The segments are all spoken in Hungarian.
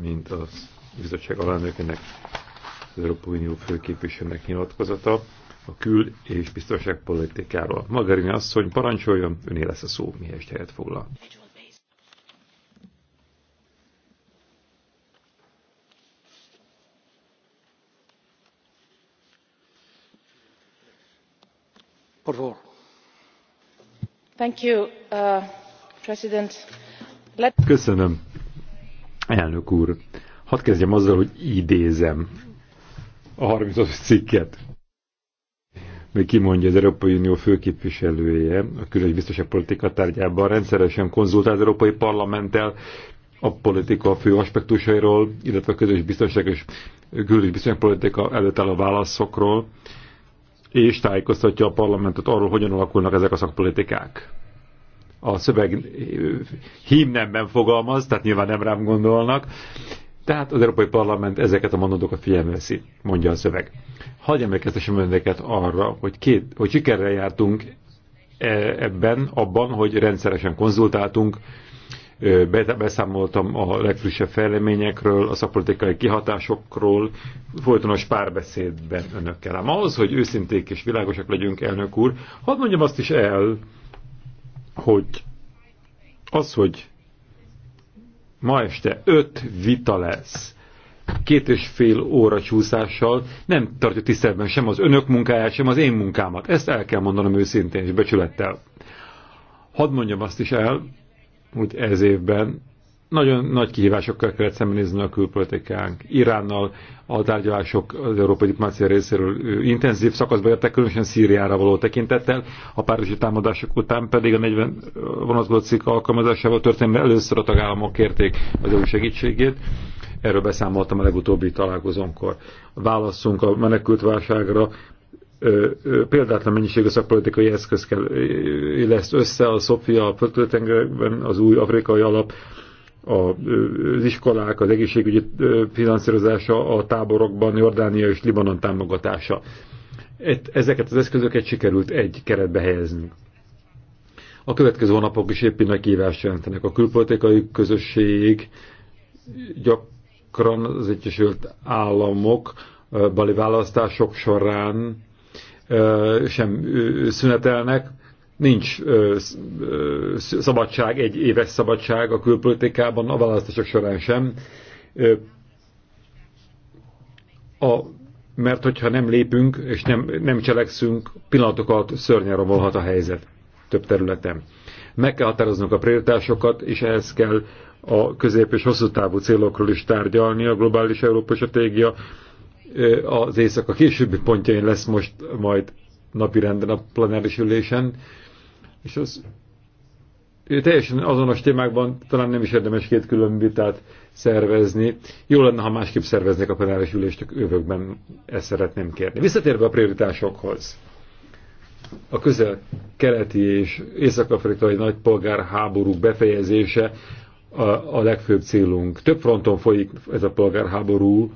mint az bizottság alelnökének, az Európai Unió főképviselőnek nyilatkozata a kül- és biztonságpolitikáról. Magarini asszony, parancsoljon, öné lesz a szó, mihez helyet foglal. Thank you, uh, President. Let... Köszönöm Elnök úr, hadd kezdjem azzal, hogy idézem a 36 cikket. Még kimondja az Európai Unió főképviselője a külös politika tárgyában rendszeresen konzultál az Európai Parlamenttel a politika fő aspektusairól, illetve a közös biztonságos külös politika előtt a válaszokról, és tájékoztatja a parlamentet arról, hogyan alakulnak ezek a szakpolitikák a szöveg hímnemben fogalmaz, tehát nyilván nem rám gondolnak. Tehát az Európai Parlament ezeket a mondatokat figyelmezi, mondja a szöveg. Hagy emlékeztessem önöket arra, hogy, két, hogy sikerrel jártunk e, ebben, abban, hogy rendszeresen konzultáltunk, beszámoltam a legfrissebb fejleményekről, a szakpolitikai kihatásokról, folytonos párbeszédben önökkel. Ám ahhoz, hogy őszinték és világosak legyünk, elnök úr, hadd mondjam azt is el, hogy az, hogy ma este öt vita lesz, két és fél óra csúszással nem tartja tisztelben sem az önök munkáját, sem az én munkámat. Ezt el kell mondanom őszintén és becsülettel. Hadd mondjam azt is el, hogy ez évben nagyon nagy kihívásokkal kellett szembenézni a külpolitikánk. Iránnal a tárgyalások az európai diplomácia részéről intenzív szakaszba értek, különösen Szíriára való tekintettel, a párizsi támadások után pedig a 40 vonatkozó cikk alkalmazásával mert először a tagállamok kérték az EU segítségét. Erről beszámoltam a legutóbbi találkozónkor. Válaszunk a menekült válságra, példátlan mennyiségű szakpolitikai eszköz kell, lesz össze a Szofia, a Földtengerben, az új afrikai alap, az iskolák, az egészségügyi finanszírozása, a táborokban Jordánia és Libanon támogatása. Ezeket az eszközöket sikerült egy keretbe helyezni. A következő hónapok is éppen kívást jelentenek. A külpolitikai közösség gyakran az Egyesült Államok bali választások során sem szünetelnek, nincs ö, ö, szabadság, egy éves szabadság a külpolitikában, a választások során sem. Ö, a, mert hogyha nem lépünk és nem, nem cselekszünk, pillanatokat szörnyen romolhat a helyzet több területen. Meg kell határoznunk a prioritásokat, és ehhez kell a közép- és hosszú távú célokról is tárgyalni. A globális Európa stratégia az éjszaka későbbi pontjain lesz most majd napirenden a plenáris ülésen és az teljesen azonos témákban talán nem is érdemes két külön vitát szervezni. Jó lenne, ha másképp szerveznék a plenáris ülést, jövőkben ezt szeretném kérni. Visszatérve a prioritásokhoz. A közel-keleti és észak-afrikai nagypolgárháborúk befejezése a, a legfőbb célunk. Több fronton folyik ez a polgárháború,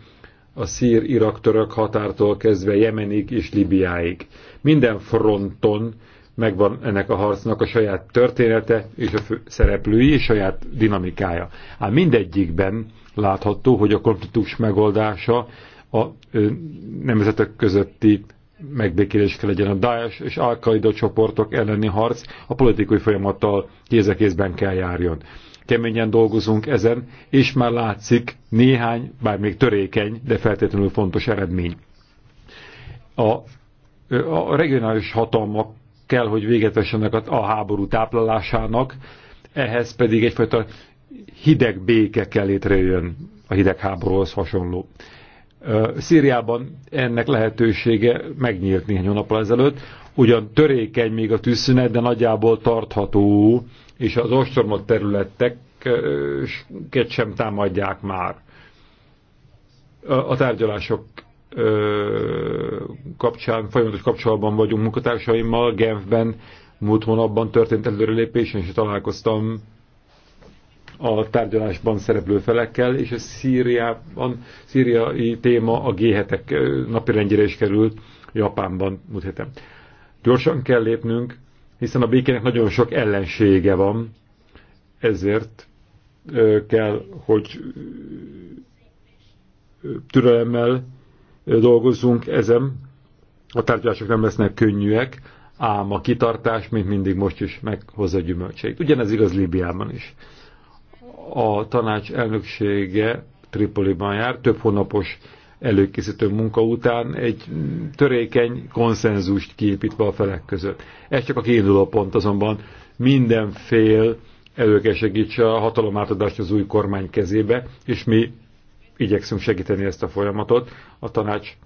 a szír-irak-török határtól kezdve Jemenig és Libiáig. Minden fronton megvan ennek a harcnak a saját története és a fő szereplői és saját dinamikája. Ám mindegyikben látható, hogy a konfliktus megoldása a nemzetek közötti megbékéléske legyen. A Daesh és al csoportok elleni harc a politikai folyamattal kézekézben kell járjon. Keményen dolgozunk ezen, és már látszik néhány, bár még törékeny, de feltétlenül fontos eredmény. A, a regionális hatalmak kell, hogy véget vessenek a háború táplálásának, ehhez pedig egyfajta hideg béke kell létrejön a hidegháborúhoz hasonló. Szíriában ennek lehetősége megnyílt néhány hónappal ezelőtt, ugyan törékeny még a tűzszünet, de nagyjából tartható, és az ostromot területeket sem támadják már. A tárgyalások kapcsán, folyamatos kapcsolatban vagyunk munkatársaimmal. Genfben múlt hónapban történt előrelépés, és találkoztam a tárgyalásban szereplő felekkel, és a Szíriában, szíriai téma a G7-ek napirendjére is került Japánban múlt héten. Gyorsan kell lépnünk, hiszen a békének nagyon sok ellensége van, ezért kell, hogy türelemmel dolgozzunk ezen. A tárgyalások nem lesznek könnyűek, ám a kitartás, mint mindig most is meghozza gyümölcseit. Ugyanez igaz Líbiában is. A tanács elnöksége Tripoliban jár, több hónapos előkészítő munka után egy törékeny konszenzust kiépítve a felek között. Ez csak a kiinduló pont azonban minden fél elő kell segítse a hatalom átadást az új kormány kezébe, és mi igyekszünk segíteni ezt a folyamatot. A tanács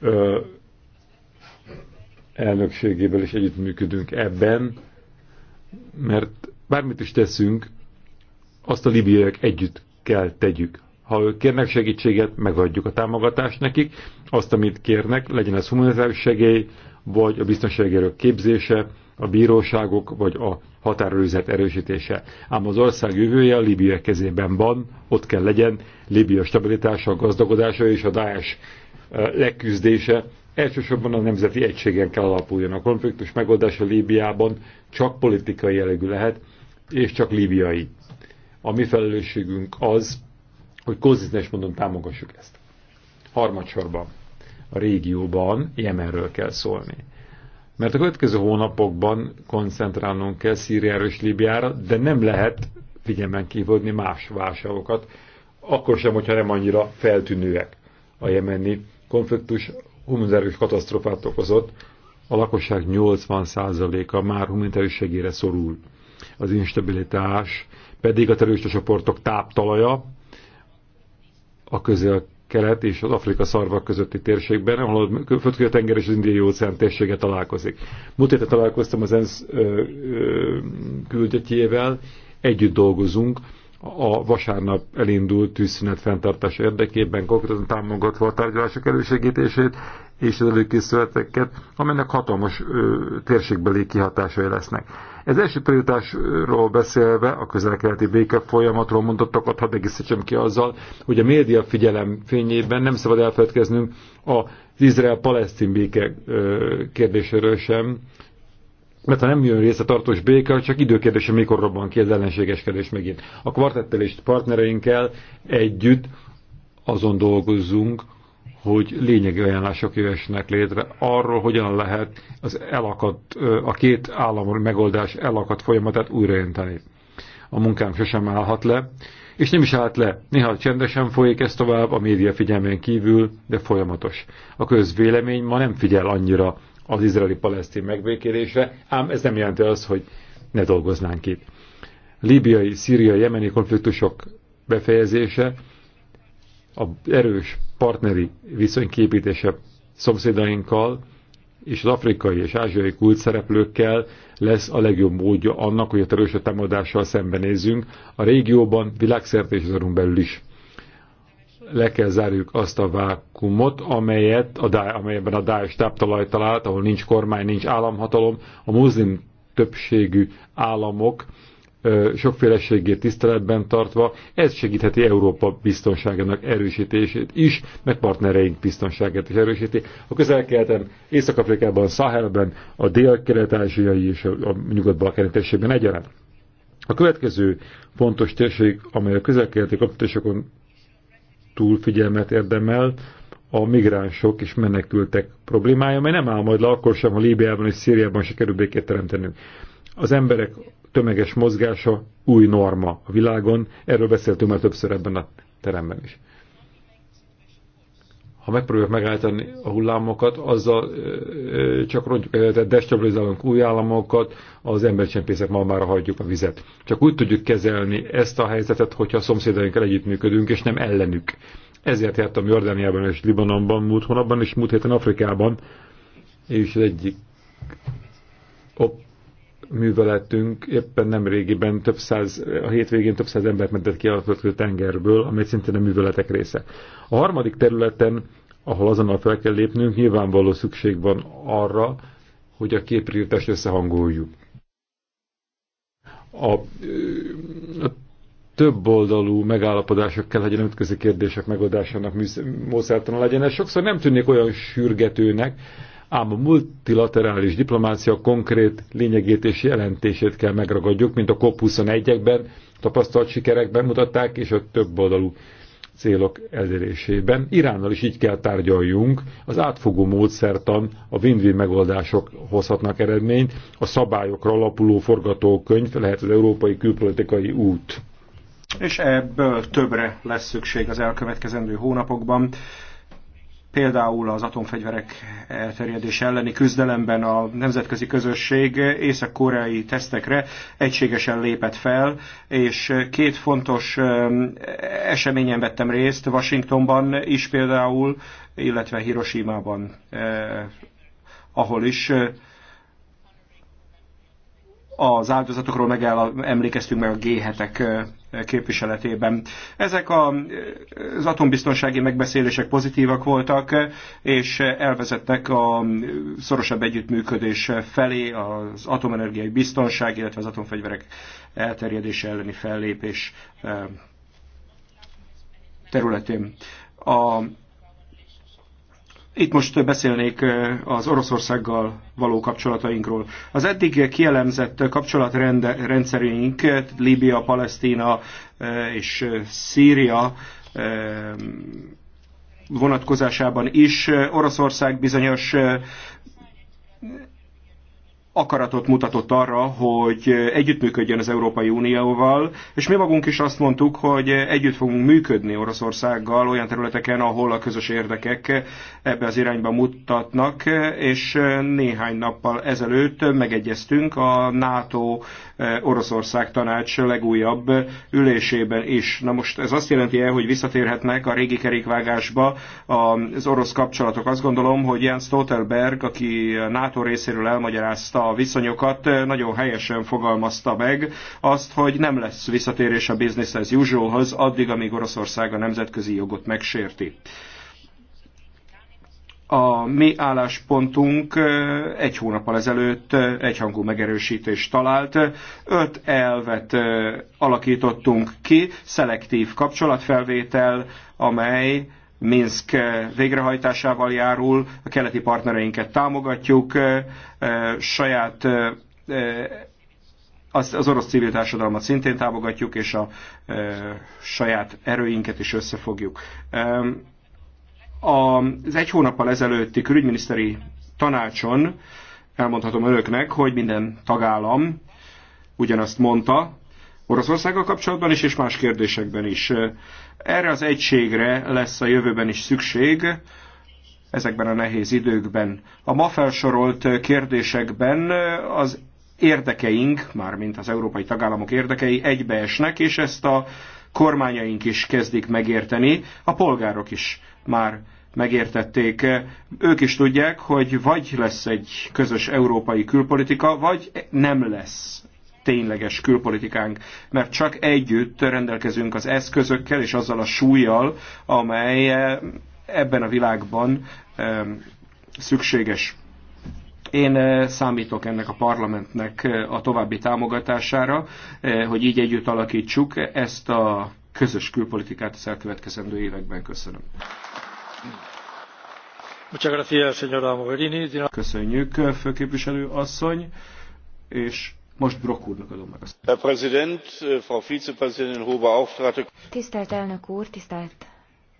ö, elnökségével is együttműködünk ebben, mert bármit is teszünk, azt a libiaiak együtt kell tegyük. Ha ők kérnek segítséget, megadjuk a támogatást nekik, azt, amit kérnek, legyen ez humanitárius segély, vagy a biztonságérők képzése, a bíróságok vagy a határőrzet erősítése. Ám az ország jövője a Libia kezében van, ott kell legyen Libia stabilitása, gazdagodása és a Daesh e, leküzdése. Elsősorban a nemzeti egységen kell alapuljon. A konfliktus megoldása Líbiában csak politikai jellegű lehet, és csak líbiai. A mi felelősségünk az, hogy konzisztens mondom támogassuk ezt. Harmadsorban a régióban Jemenről kell szólni. Mert a következő hónapokban koncentrálnunk kell Szíriára és Líbiára, de nem lehet figyelmen kívülni más válságokat, akkor sem, hogyha nem annyira feltűnőek. A jemeni konfliktus humanitárius katasztrofát okozott, a lakosság 80%-a már humanitárius segélyre szorul. Az instabilitás pedig a terrorista csoportok táptalaja, a közel kelet és az Afrika szarvak közötti térségben, ahol a földközi tenger és az indiai óceán térsége találkozik. Múlt héten találkoztam az ENSZ küldetjével, együtt dolgozunk a vasárnap elindult tűzszünet fenntartás érdekében, konkrétan támogatva a tárgyalások elősegítését, és az előkészületeket, amelynek hatalmas ö, térségbeli kihatásai lesznek. Ez első prioritásról beszélve, a közel-keleti béke folyamatról mondottakat, hadd egészítsem ki azzal, hogy a média figyelem fényében nem szabad elfeledkeznünk az Izrael-Palesztin béke ö, kérdéséről sem, mert ha nem jön része tartós béke, csak időkérdése, mikor robban ki az ellenségeskedés megint. A kvartettel és partnereinkkel együtt azon dolgozzunk, hogy lényegi ajánlások jöjjenek létre arról, hogyan lehet az elakadt, a két állam megoldás elakadt folyamatát újrajelenteni. A munkánk sosem állhat le, és nem is állt le. Néha csendesen folyik ez tovább, a média figyelmén kívül, de folyamatos. A közvélemény ma nem figyel annyira az izraeli-palesztin megbékélésre, ám ez nem jelenti azt, hogy ne dolgoznánk itt. Líbiai, szíriai, jemeni konfliktusok befejezése, a erős partneri viszonyképítése szomszédainkkal és az afrikai és ázsiai kulcsszereplőkkel lesz a legjobb módja annak, hogy a terrorista támadással szembenézzünk a régióban, világszerte és az orunk belül is. Le kell zárjuk azt a vákumot, amelyet a, amelyben a Daesh táptalaj talált, ahol nincs kormány, nincs államhatalom, a muszlim többségű államok sokféleségét tiszteletben tartva, ez segítheti Európa biztonságának erősítését is, meg partnereink biztonságát is erősíti. A közel-keleten, Észak-Afrikában, Szahelben, a dél-kelet-ázsiai és a nyugat-balkáni térségben egyaránt. A következő fontos térség, amely a közel-keleti kapcsolatokon túl figyelmet érdemel, a migránsok és menekültek problémája, mely nem áll majd le akkor sem, ha Líbiában és Szíriában sikerül békét teremtenünk. Az emberek tömeges mozgása új norma a világon. Erről beszéltünk már többször ebben a teremben is. Ha megpróbáljuk megállítani a hullámokat, azzal csak rontjuk, destabilizálunk új államokat, az embercsempészek már hagyjuk a vizet. Csak úgy tudjuk kezelni ezt a helyzetet, hogyha a szomszédainkkal együttműködünk, és nem ellenük. Ezért jártam Jordániában és Libanonban múlt hónapban, és múlt héten Afrikában, és az egyik op műveletünk éppen nem régiben több száz, a hétvégén több száz embert mentett ki a tengerből, amely szintén a műveletek része. A harmadik területen, ahol azonnal fel kell lépnünk, nyilvánvaló szükség van arra, hogy a képrítést összehangoljuk. A, a több oldalú megállapodások kell, hogy a kérdések megoldásának módszertana legyen. Ez sokszor nem tűnik olyan sürgetőnek, ám a multilaterális diplomácia konkrét lényegét és jelentését kell megragadjuk, mint a COP21-ekben tapasztalt sikerek bemutatták, és a több oldalú célok elérésében. Iránnal is így kell tárgyaljunk, az átfogó módszertan a win-win megoldások hozhatnak eredményt, a szabályokra alapuló forgatókönyv lehet az európai külpolitikai út. És ebből többre lesz szükség az elkövetkezendő hónapokban például az atomfegyverek elterjedése elleni küzdelemben a nemzetközi közösség észak-koreai tesztekre egységesen lépett fel, és két fontos um, eseményen vettem részt Washingtonban is például, illetve Hiroshima-ban, eh, ahol is uh, az áldozatokról megemlékeztünk meg a G7-ek képviseletében. Ezek a, az atombiztonsági megbeszélések pozitívak voltak, és elvezettek a szorosabb együttműködés felé az atomenergiai biztonság, illetve az atomfegyverek elterjedése elleni fellépés eh, területén. A itt most beszélnék az Oroszországgal való kapcsolatainkról. Az eddig kielemzett kapcsolatrendszerünk Líbia, Palesztina és Szíria vonatkozásában is Oroszország bizonyos akaratot mutatott arra, hogy együttműködjön az Európai Unióval, és mi magunk is azt mondtuk, hogy együtt fogunk működni Oroszországgal olyan területeken, ahol a közös érdekek ebbe az irányba mutatnak, és néhány nappal ezelőtt megegyeztünk a NATO Oroszország tanács legújabb ülésében is. Na most ez azt jelenti el, hogy visszatérhetnek a régi kerékvágásba az orosz kapcsolatok. Azt gondolom, hogy Jens Stoltenberg, aki a NATO részéről elmagyarázta a viszonyokat, nagyon helyesen fogalmazta meg azt, hogy nem lesz visszatérés a business as usual addig, amíg Oroszország a nemzetközi jogot megsérti a mi álláspontunk egy hónappal ezelőtt egyhangú megerősítést talált. Öt elvet alakítottunk ki, szelektív kapcsolatfelvétel, amely Minsk végrehajtásával járul, a keleti partnereinket támogatjuk, saját az, az orosz civil társadalmat szintén támogatjuk, és a saját erőinket is összefogjuk az egy hónappal ezelőtti külügyminiszteri tanácson elmondhatom önöknek, hogy minden tagállam ugyanazt mondta, Oroszországgal kapcsolatban is, és más kérdésekben is. Erre az egységre lesz a jövőben is szükség, ezekben a nehéz időkben. A ma felsorolt kérdésekben az érdekeink, mármint az európai tagállamok érdekei egybeesnek, és ezt a kormányaink is kezdik megérteni, a polgárok is már megértették. Ők is tudják, hogy vagy lesz egy közös európai külpolitika, vagy nem lesz tényleges külpolitikánk, mert csak együtt rendelkezünk az eszközökkel és azzal a súlyjal, amely eh, ebben a világban eh, szükséges. Én eh, számítok ennek a parlamentnek a további támogatására, hogy így együtt alakítsuk ezt a közös külpolitikát az elkövetkezendő években. Köszönöm. Köszönjük, főképviselő asszony, és most Brock úrnak adom meg azt. Herr Tisztelt elnök úr, tisztelt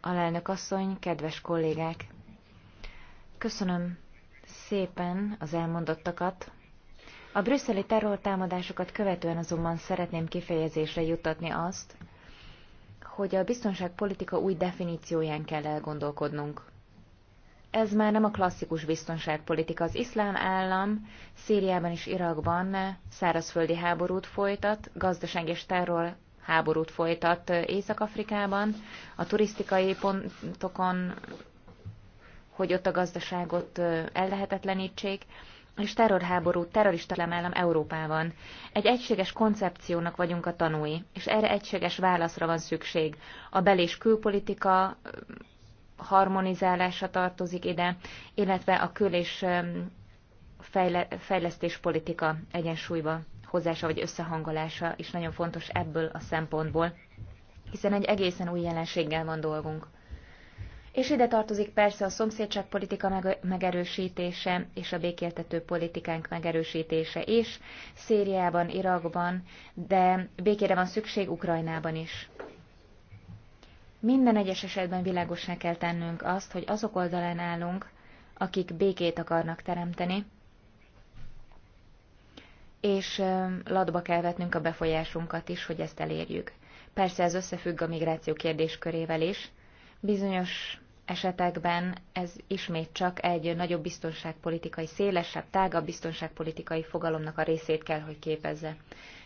alelnök asszony, kedves kollégák! Köszönöm szépen az elmondottakat. A brüsszeli terrortámadásokat követően azonban szeretném kifejezésre jutatni azt, hogy a biztonságpolitika új definícióján kell elgondolkodnunk. Ez már nem a klasszikus biztonságpolitika. Az iszlám állam Szíriában és Irakban szárazföldi háborút folytat, gazdaság és terror háborút folytat Észak-Afrikában, a turisztikai pontokon, hogy ott a gazdaságot ellehetetlenítsék és terrorháború, terrorista állam Európában. Egy egységes koncepciónak vagyunk a tanúi, és erre egységes válaszra van szükség. A bel- és külpolitika harmonizálása tartozik ide, illetve a kül- és fejle- fejlesztéspolitika egyensúlyba hozása vagy összehangolása is nagyon fontos ebből a szempontból, hiszen egy egészen új jelenséggel van dolgunk és ide tartozik persze a szomszédságpolitika megerősítése és a békéltető politikánk megerősítése is, Szíriában, Irakban, de békére van szükség Ukrajnában is. Minden egyes esetben világosá kell tennünk azt, hogy azok oldalán állunk, akik békét akarnak teremteni, és ladba kell vetnünk a befolyásunkat is, hogy ezt elérjük. Persze ez összefügg a migráció kérdéskörével is. Bizonyos esetekben ez ismét csak egy nagyobb biztonságpolitikai, szélesebb, tágabb biztonságpolitikai fogalomnak a részét kell, hogy képezze.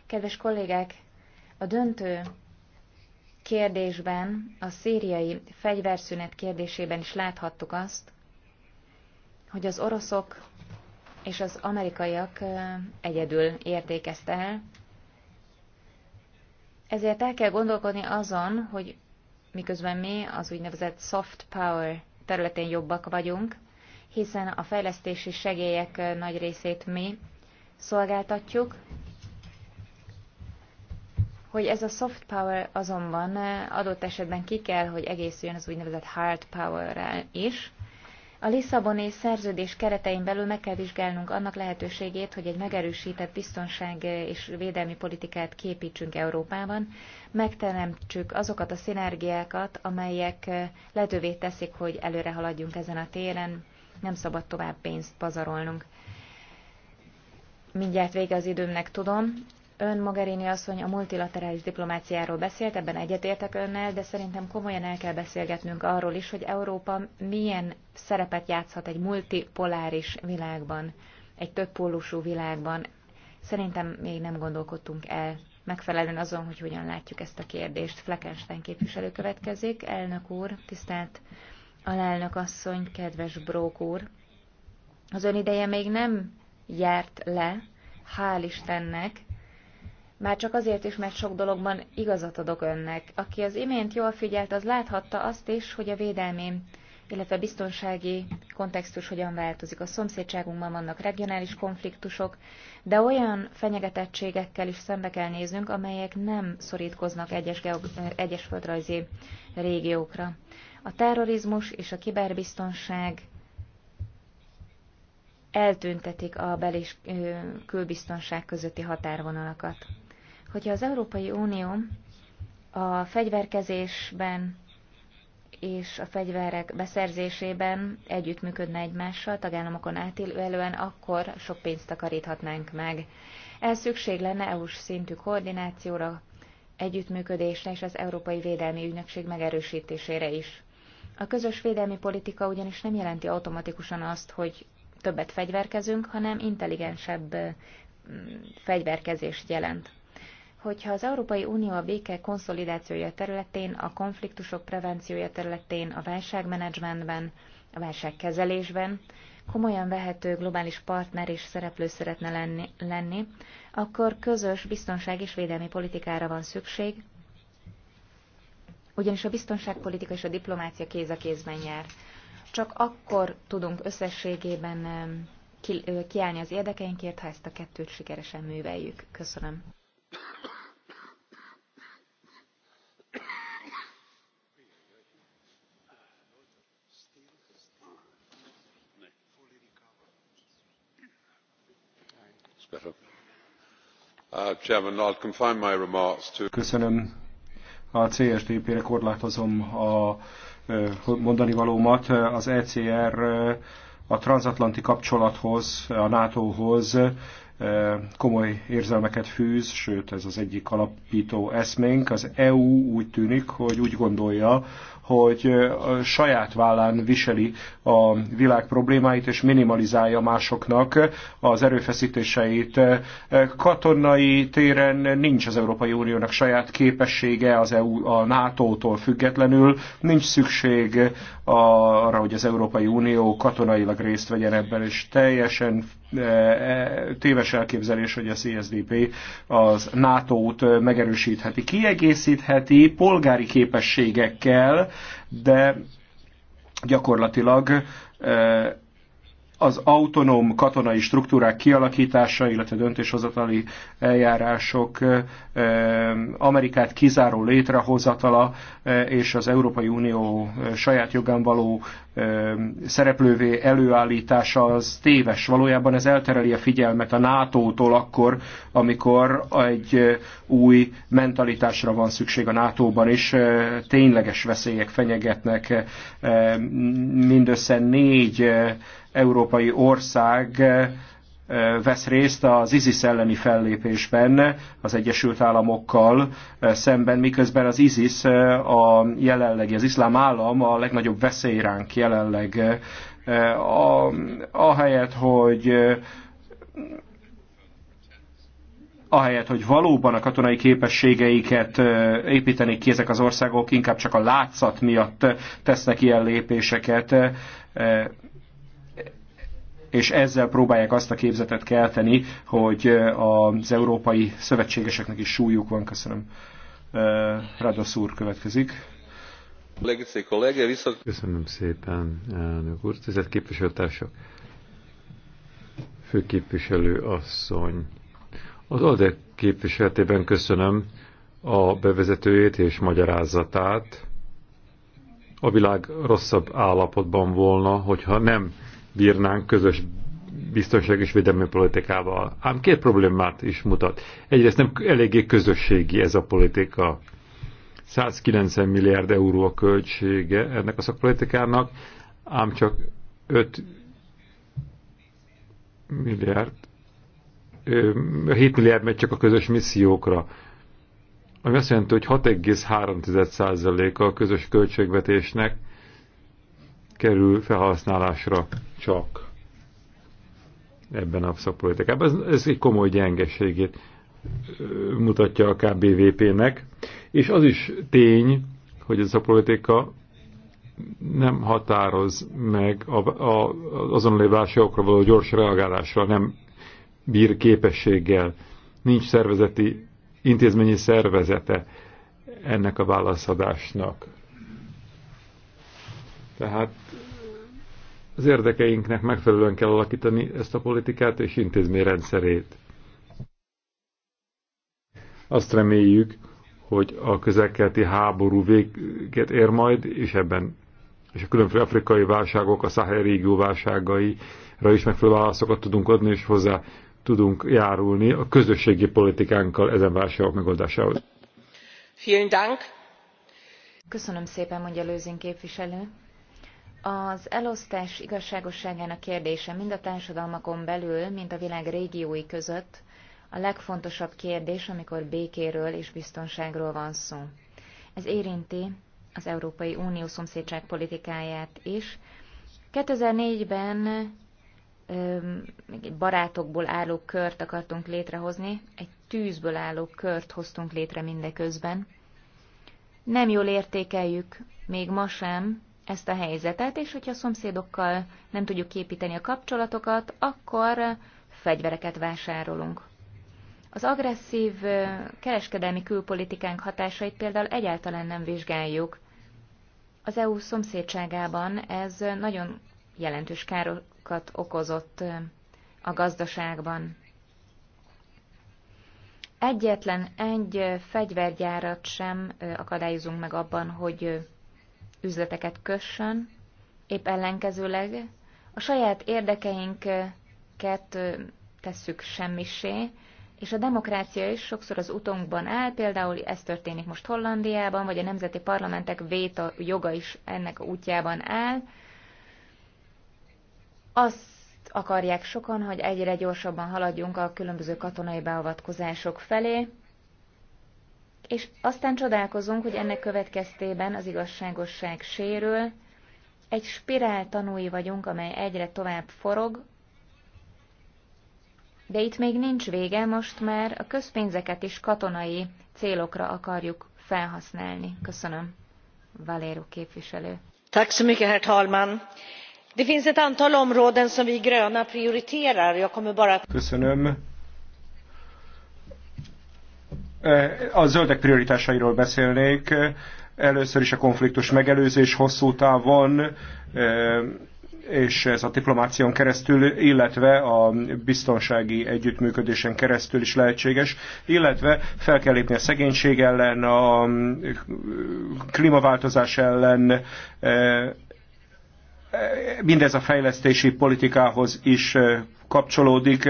Kedves kollégák, a döntő kérdésben, a szíriai fegyverszünet kérdésében is láthattuk azt, hogy az oroszok és az amerikaiak egyedül értékezte el. Ezért el kell gondolkodni azon, hogy miközben mi az úgynevezett soft power területén jobbak vagyunk, hiszen a fejlesztési segélyek nagy részét mi szolgáltatjuk, hogy ez a soft power azonban adott esetben ki kell, hogy egészüljön az úgynevezett hard power-rel is, a Lisszaboni szerződés keretein belül meg kell vizsgálnunk annak lehetőségét, hogy egy megerősített biztonság és védelmi politikát képítsünk Európában, megteremtsük azokat a szinergiákat, amelyek lehetővé teszik, hogy előre haladjunk ezen a téren, nem szabad tovább pénzt pazarolnunk. Mindjárt vége az időmnek, tudom. Ön, Mogherini asszony, a multilaterális diplomáciáról beszélt, ebben egyetértek önnel, de szerintem komolyan el kell beszélgetnünk arról is, hogy Európa milyen szerepet játszhat egy multipoláris világban, egy többpólusú világban. Szerintem még nem gondolkodtunk el megfelelően azon, hogy hogyan látjuk ezt a kérdést. Fleckenstein képviselő következik. Elnök úr, tisztelt alelnök asszony, kedves Brók úr. Az ön ideje még nem járt le, hál' Istennek, már csak azért is, mert sok dologban igazat adok önnek. Aki az imént jól figyelt, az láthatta azt is, hogy a védelmi, illetve biztonsági kontextus hogyan változik. A szomszédságunkban vannak regionális konfliktusok, de olyan fenyegetettségekkel is szembe kell néznünk, amelyek nem szorítkoznak egyes, egyes földrajzi régiókra. A terrorizmus és a kiberbiztonság eltüntetik a bel- és külbiztonság közötti határvonalakat hogyha az Európai Unió a fegyverkezésben és a fegyverek beszerzésében együttműködne egymással, tagállamokon átélően, akkor sok pénzt takaríthatnánk meg. Ez szükség lenne EU-s szintű koordinációra, együttműködésre és az Európai Védelmi Ügynökség megerősítésére is. A közös védelmi politika ugyanis nem jelenti automatikusan azt, hogy többet fegyverkezünk, hanem intelligensebb mm, fegyverkezést jelent hogyha az Európai Unió a béke konszolidációja területén, a konfliktusok prevenciója területén, a válságmenedzsmentben, a válságkezelésben komolyan vehető globális partner és szereplő szeretne lenni, lenni, akkor közös biztonság és védelmi politikára van szükség, ugyanis a biztonságpolitika és a diplomácia kéz a kézben jár. Csak akkor tudunk összességében kiállni az érdekeinkért, ha ezt a kettőt sikeresen műveljük. Köszönöm. Köszönöm. A CSDP-re korlátozom a mondani valómat. Az ECR a transatlanti kapcsolathoz, a NATO-hoz komoly érzelmeket fűz, sőt ez az egyik alapító eszménk. Az EU úgy tűnik, hogy úgy gondolja, hogy a saját vállán viseli a világ problémáit, és minimalizálja másoknak az erőfeszítéseit. Katonai téren nincs az Európai Uniónak saját képessége az EU, a NATO-tól függetlenül, nincs szükség arra, hogy az Európai Unió katonailag részt vegyen ebben, és teljesen E, e, téves elképzelés, hogy a CSDP az NATO-t megerősítheti, kiegészítheti polgári képességekkel, de gyakorlatilag e, az autonóm katonai struktúrák kialakítása, illetve döntéshozatali eljárások Amerikát kizáró létrehozatala és az Európai Unió saját jogán való szereplővé előállítása az téves. Valójában ez eltereli a figyelmet a NATO-tól akkor, amikor egy új mentalitásra van szükség a NATO-ban is. Tényleges veszélyek fenyegetnek mindössze négy európai ország eh, eh, vesz részt az ISIS elleni fellépésben az Egyesült Államokkal eh, szemben, miközben az ISIS a jelenlegi, az iszlám állam a legnagyobb veszély ránk jelenleg. A, ahelyett, hogy ahelyett, hogy valóban a katonai képességeiket építenék ki ezek az országok, inkább csak a látszat miatt tesznek ilyen lépéseket és ezzel próbálják azt a képzetet kelteni, hogy az európai szövetségeseknek is súlyuk van. Köszönöm. Radosz úr következik. Köszönöm szépen, elnök úr. Tisztelt képviselőtársak! Főképviselő asszony! Az ALDE képviseletében köszönöm a bevezetőjét és magyarázatát. A világ rosszabb állapotban volna, hogyha nem bírnánk közös biztonság és védelmi politikával. Ám két problémát is mutat. Egyrészt nem eléggé közösségi ez a politika. 190 milliárd euró a költsége ennek a szakpolitikának, ám csak 5 milliárd, 7 milliárd megy csak a közös missziókra. Ami azt jelenti, hogy 6,3%-a a közös költségvetésnek kerül felhasználásra csak ebben a szakpolitikában. Ez, ez egy komoly gyengeségét mutatja a KBVP-nek, és az is tény, hogy ez a politika nem határoz meg a, a, az azonnali válságokra való gyors reagálásra, nem bír képességgel, nincs szervezeti, intézményi szervezete ennek a válaszadásnak. Tehát az érdekeinknek megfelelően kell alakítani ezt a politikát és intézményrendszerét. Azt reméljük, hogy a közelkelti háború véget ér majd, és ebben és a különféle afrikai válságok, a Sahel régió válságaira is megfelelő válaszokat tudunk adni, és hozzá tudunk járulni a közösségi politikánkkal ezen válságok megoldásához. Vielen Dank. Köszönöm szépen, mondja Lőzin képviselő. Az elosztás igazságosságának kérdése mind a társadalmakon belül, mint a világ régiói között a legfontosabb kérdés, amikor békéről és biztonságról van szó. Ez érinti az Európai Unió szomszédság politikáját is. 2004-ben barátokból álló kört akartunk létrehozni, egy tűzből álló kört hoztunk létre mindeközben. Nem jól értékeljük még ma sem, ezt a helyzetet, és hogyha a szomszédokkal nem tudjuk képíteni a kapcsolatokat, akkor fegyvereket vásárolunk. Az agresszív kereskedelmi külpolitikánk hatásait például egyáltalán nem vizsgáljuk. Az EU szomszédságában ez nagyon jelentős károkat okozott a gazdaságban. Egyetlen egy fegyvergyárat sem akadályozunk meg abban, hogy üzleteket kössön, épp ellenkezőleg a saját érdekeinket tesszük semmisé, és a demokrácia is sokszor az utunkban áll, például ez történik most Hollandiában, vagy a nemzeti parlamentek véta joga is ennek a útjában áll. Azt akarják sokan, hogy egyre gyorsabban haladjunk a különböző katonai beavatkozások felé, és aztán csodálkozunk, hogy ennek következtében az igazságosság sérül, egy spirál tanúi vagyunk, amely egyre tovább forog, de itt még nincs vége, most már a közpénzeket is katonai célokra akarjuk felhasználni. Köszönöm, Valéru képviselő. herr Köszönöm Eh, a zöldek prioritásairól beszélnék. Először is a konfliktus megelőzés hosszú távon, eh, és ez a diplomáción keresztül, illetve a biztonsági együttműködésen keresztül is lehetséges, illetve fel kell lépni a szegénység ellen, a klímaváltozás ellen, eh, mindez a fejlesztési politikához is kapcsolódik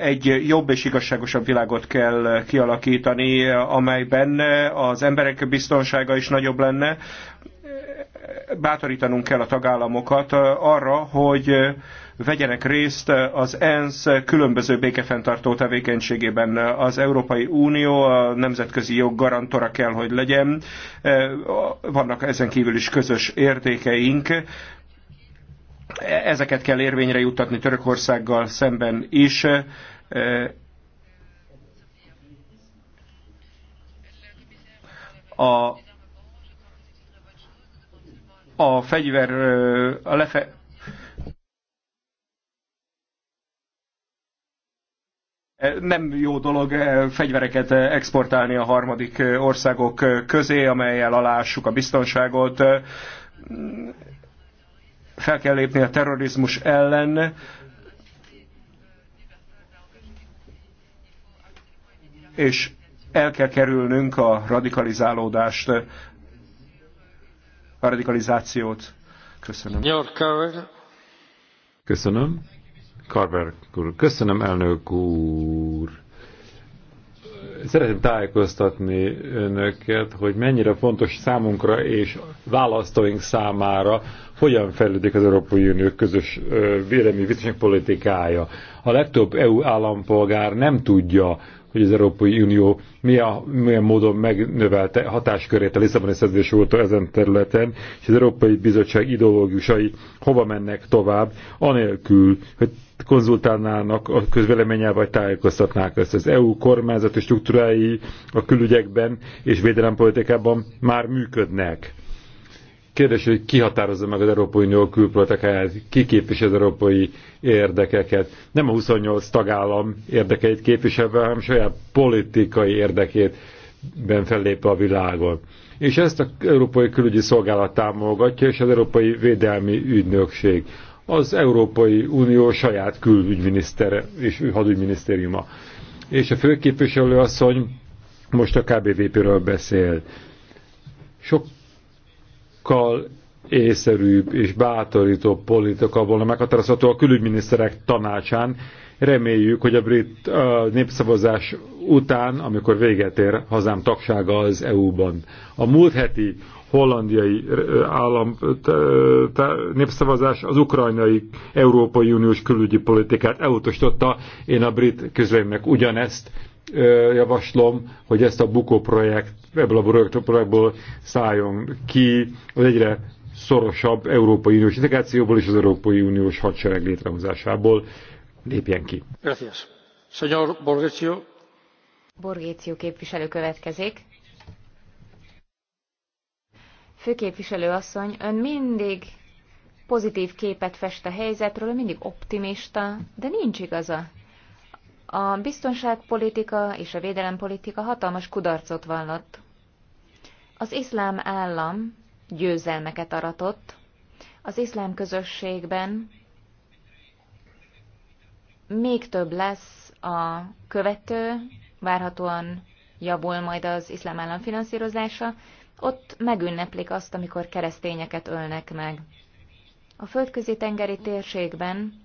egy jobb és igazságosabb világot kell kialakítani, amelyben az emberek biztonsága is nagyobb lenne. Bátorítanunk kell a tagállamokat arra, hogy vegyenek részt az ENSZ különböző békefenntartó tevékenységében. Az Európai Unió a nemzetközi jog garantora kell, hogy legyen. Vannak ezen kívül is közös értékeink, Ezeket kell érvényre juttatni Törökországgal szemben is. E, a, a fegyver, e, a lefe, e, nem jó dolog fegyvereket exportálni a harmadik országok közé, amelyel alássuk a biztonságot fel kell lépni a terrorizmus ellen, és el kell kerülnünk a radikalizálódást, a radikalizációt. Köszönöm. Köszönöm. Carver Köszönöm, elnök úr. Szeretném tájékoztatni önöket, hogy mennyire fontos számunkra és választóink számára, hogyan fejlődik az Európai Unió közös vélemény politikája. A legtöbb EU állampolgár nem tudja, hogy az Európai Unió milyen, milyen módon megnövelte hatáskörét a Lisszaboni szerződés óta ezen területen, és az Európai Bizottság ideológusai hova mennek tovább, anélkül, hogy konzultálnának a közvéleménnyel, vagy tájékoztatnák ezt. Az EU kormányzati struktúrái a külügyekben és védelempolitikában már működnek. Kérdés, hogy ki határozza meg az Európai Unió külpolitikáját, ki képvisel az európai érdekeket. Nem a 28 tagállam érdekeit képviselve, hanem saját politikai érdekét ben fellépve a világon. És ezt az Európai Külügyi Szolgálat támogatja, és az Európai Védelmi Ügynökség. Az Európai Unió saját külügyminisztere és hadügyminisztériuma. És a főképviselő asszony most a KBVP-ről beszél. Sok sokkal észerűbb és bátorító politika volna meghatározható a külügyminiszterek tanácsán. Reméljük, hogy a brit népszavazás után, amikor véget ér hazám tagsága az EU-ban. A múlt heti hollandiai eh, állam népszavazás az ukrajnai Európai Uniós külügyi politikát elutasította. Én a brit közlemnek ugyanezt javaslom, hogy ezt a Bukó projekt, ebből a projektből szálljon ki az egyre szorosabb Európai Uniós integrációból és az Európai Uniós hadsereg létrehozásából lépjen ki. Gracias. Señor Borgetio. Borgetio képviselő következik. Főképviselő asszony, ön mindig pozitív képet fest a helyzetről, mindig optimista, de nincs igaza. A biztonságpolitika és a védelempolitika hatalmas kudarcot vallott. Az iszlám állam győzelmeket aratott. Az iszlám közösségben még több lesz a követő, várhatóan javul majd az iszlám állam finanszírozása, ott megünneplik azt, amikor keresztényeket ölnek meg. A földközi tengeri térségben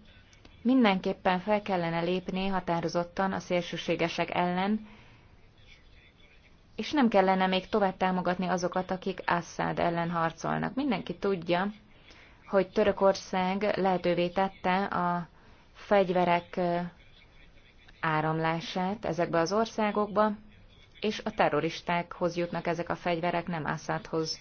Mindenképpen fel kellene lépni határozottan a szélsőségesek ellen, és nem kellene még tovább támogatni azokat, akik Assad ellen harcolnak. Mindenki tudja, hogy Törökország lehetővé tette a fegyverek áramlását ezekbe az országokba, és a terroristákhoz jutnak ezek a fegyverek, nem Assadhoz.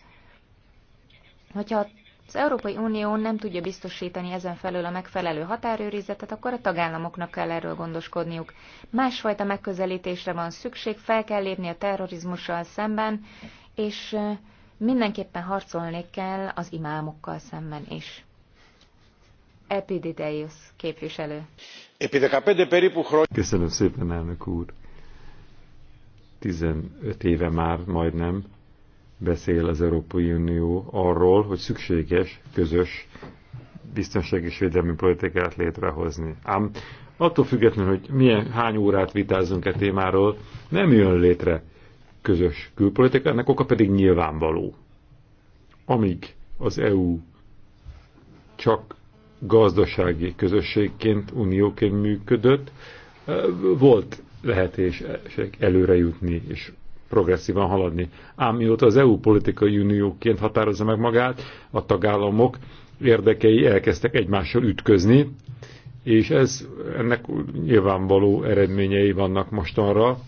Hogyha a az Európai Unió nem tudja biztosítani ezen felül a megfelelő határőrizetet, akkor a tagállamoknak kell erről gondoskodniuk. Másfajta megközelítésre van szükség, fel kell lépni a terrorizmussal szemben, és mindenképpen harcolni kell az imámokkal szemben is. Epidideius képviselő. Köszönöm szépen, elnök úr. 15 éve már majdnem beszél az Európai Unió arról, hogy szükséges közös biztonsági és védelmi politikát létrehozni. Ám attól függetlenül, hogy milyen hány órát vitázunk e témáról, nem jön létre közös külpolitika, ennek oka pedig nyilvánvaló. Amíg az EU csak gazdasági közösségként, unióként működött, eh, volt lehetőség előre jutni és progresszívan haladni. Ám mióta az EU politikai unióként határozza meg magát, a tagállamok érdekei elkezdtek egymással ütközni, és ez, ennek nyilvánvaló eredményei vannak mostanra.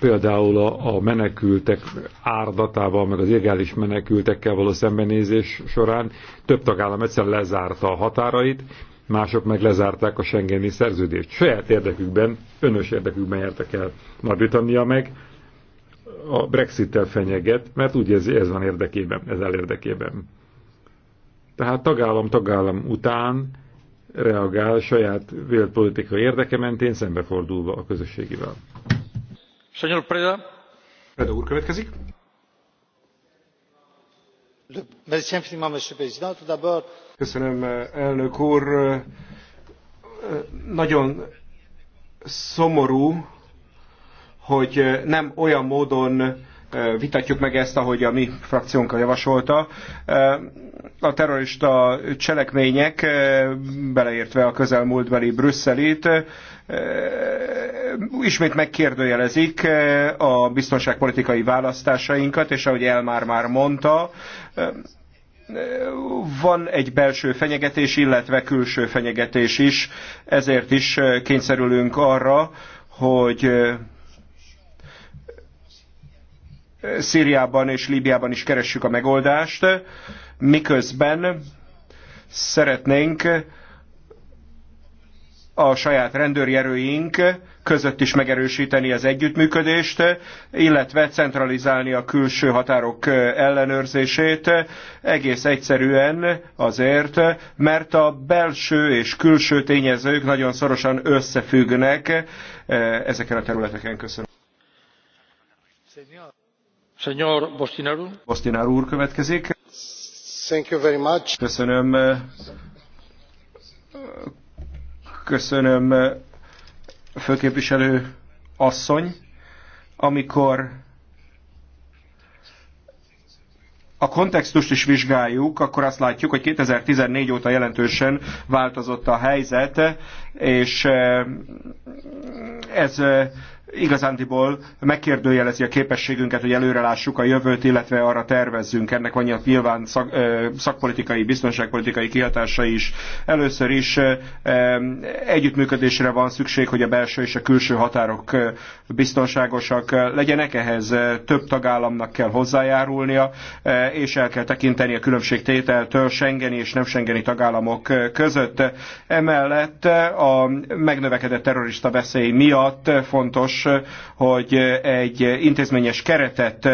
Például a, a menekültek árdatával, meg az illegális menekültekkel való szembenézés során több tagállam egyszer lezárta a határait, mások meg lezárták a Schengeni szerződést. Saját érdekükben, önös érdekükben jártak el. Nagy-Britannia meg a Brexit-tel fenyeget, mert úgy ez, ez van érdekében, ez el érdekében. Tehát tagállam-tagállam után reagál saját vélt politikai érdeke mentén szembefordulva a közösségivel. Senyor Preda. Preda úr következik. Köszönöm, elnök úr. Nagyon szomorú, hogy nem olyan módon vitatjuk meg ezt, ahogy a mi frakciónk javasolta. A terrorista cselekmények, beleértve a közelmúltbeli Brüsszelit, ismét megkérdőjelezik a biztonságpolitikai választásainkat, és ahogy Elmár már mondta, van egy belső fenyegetés, illetve külső fenyegetés is, ezért is kényszerülünk arra, hogy Szíriában és Líbiában is keressük a megoldást, miközben szeretnénk a saját rendőri erőink között is megerősíteni az együttműködést, illetve centralizálni a külső határok ellenőrzését egész egyszerűen azért, mert a belső és külső tényezők nagyon szorosan összefüggnek eh, ezeken a területeken. Köszönöm. Senyor Bostinaru úr következik. Thank you very much. Köszönöm. Eh, köszönöm, eh, főképviselő asszony. Amikor a kontextust is vizsgáljuk, akkor azt látjuk, hogy 2014 óta jelentősen változott a helyzet, és eh, ez igazándiból megkérdőjelezi a képességünket, hogy előrelássuk a jövőt, illetve arra tervezzünk. Ennek van nyilván szak, szakpolitikai, biztonságpolitikai kihatása is. Először is együttműködésre van szükség, hogy a belső és a külső határok biztonságosak legyenek, ehhez több tagállamnak kell hozzájárulnia, és el kell tekinteni a különbségtételtől Schengeni és nem Schengeni tagállamok között. Emellett a megnövekedett terrorista veszély miatt fontos, fontos, eh, hogy eh, egy eh, intézményes keretet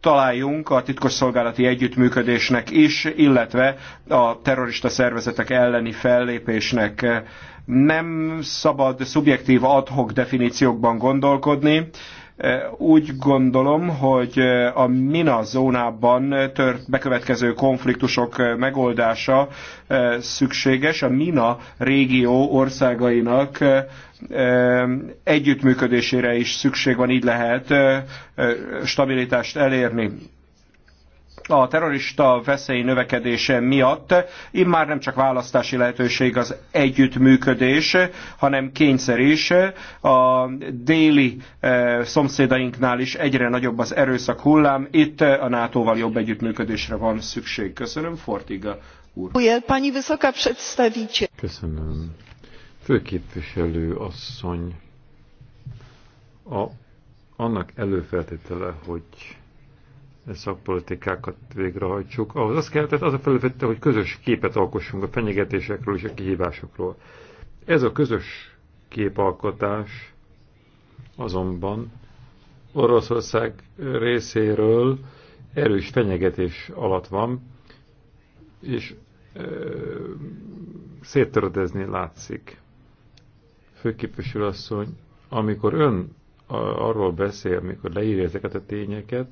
találjunk a titkosszolgálati együttműködésnek is, illetve a terrorista szervezetek elleni fellépésnek. Nem szabad szubjektív adhok definíciókban gondolkodni, úgy gondolom, hogy a MINA zónában tört bekövetkező konfliktusok megoldása szükséges. A MINA régió országainak együttműködésére is szükség van, így lehet stabilitást elérni a terrorista veszély növekedése miatt immár nem csak választási lehetőség az együttműködés, hanem kényszer is. A déli eh, szomszédainknál is egyre nagyobb az erőszak hullám, itt eh, a NATO-val jobb együttműködésre van szükség. Köszönöm, Fortiga úr. Köszönöm. Főképviselő asszony, a, annak előfeltétele, hogy szakpolitikákat végrehajtsuk. Ahhoz az kell, tehát az a felvette, hogy közös képet alkossunk a fenyegetésekről és a kihívásokról. Ez a közös képalkotás azonban Oroszország részéről erős fenyegetés alatt van, és e, széttöredezni látszik. Főképviselő asszony, amikor ön arról beszél, amikor leírja ezeket a tényeket,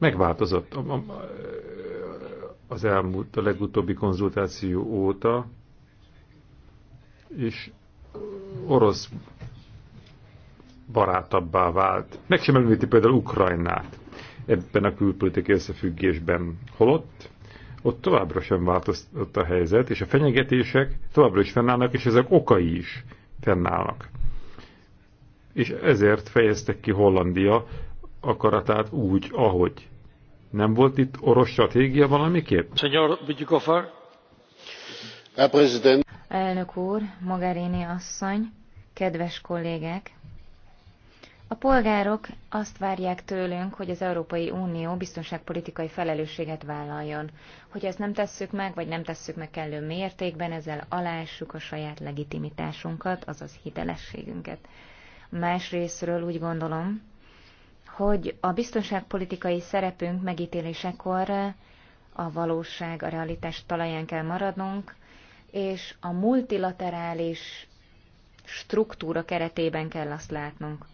megváltozott az elmúlt, a legutóbbi konzultáció óta, és orosz barátabbá vált. Meg sem említi például Ukrajnát ebben a külpolitikai összefüggésben. Holott ott továbbra sem változott a helyzet, és a fenyegetések továbbra is fennállnak, és ezek okai is fennállnak. És ezért fejeztek ki Hollandia akaratát úgy, ahogy nem volt itt orosz stratégia valamiképp? Senyor Bütikofer. Elnök úr, Mogherini asszony, kedves kollégák! A polgárok azt várják tőlünk, hogy az Európai Unió biztonságpolitikai felelősséget vállaljon. Hogy ezt nem tesszük meg, vagy nem tesszük meg kellő mértékben, ezzel alássuk a saját legitimitásunkat, azaz hitelességünket. Másrésztről úgy gondolom, hogy a biztonságpolitikai szerepünk megítélésekor a valóság, a realitás talaján kell maradnunk, és a multilaterális struktúra keretében kell azt látnunk.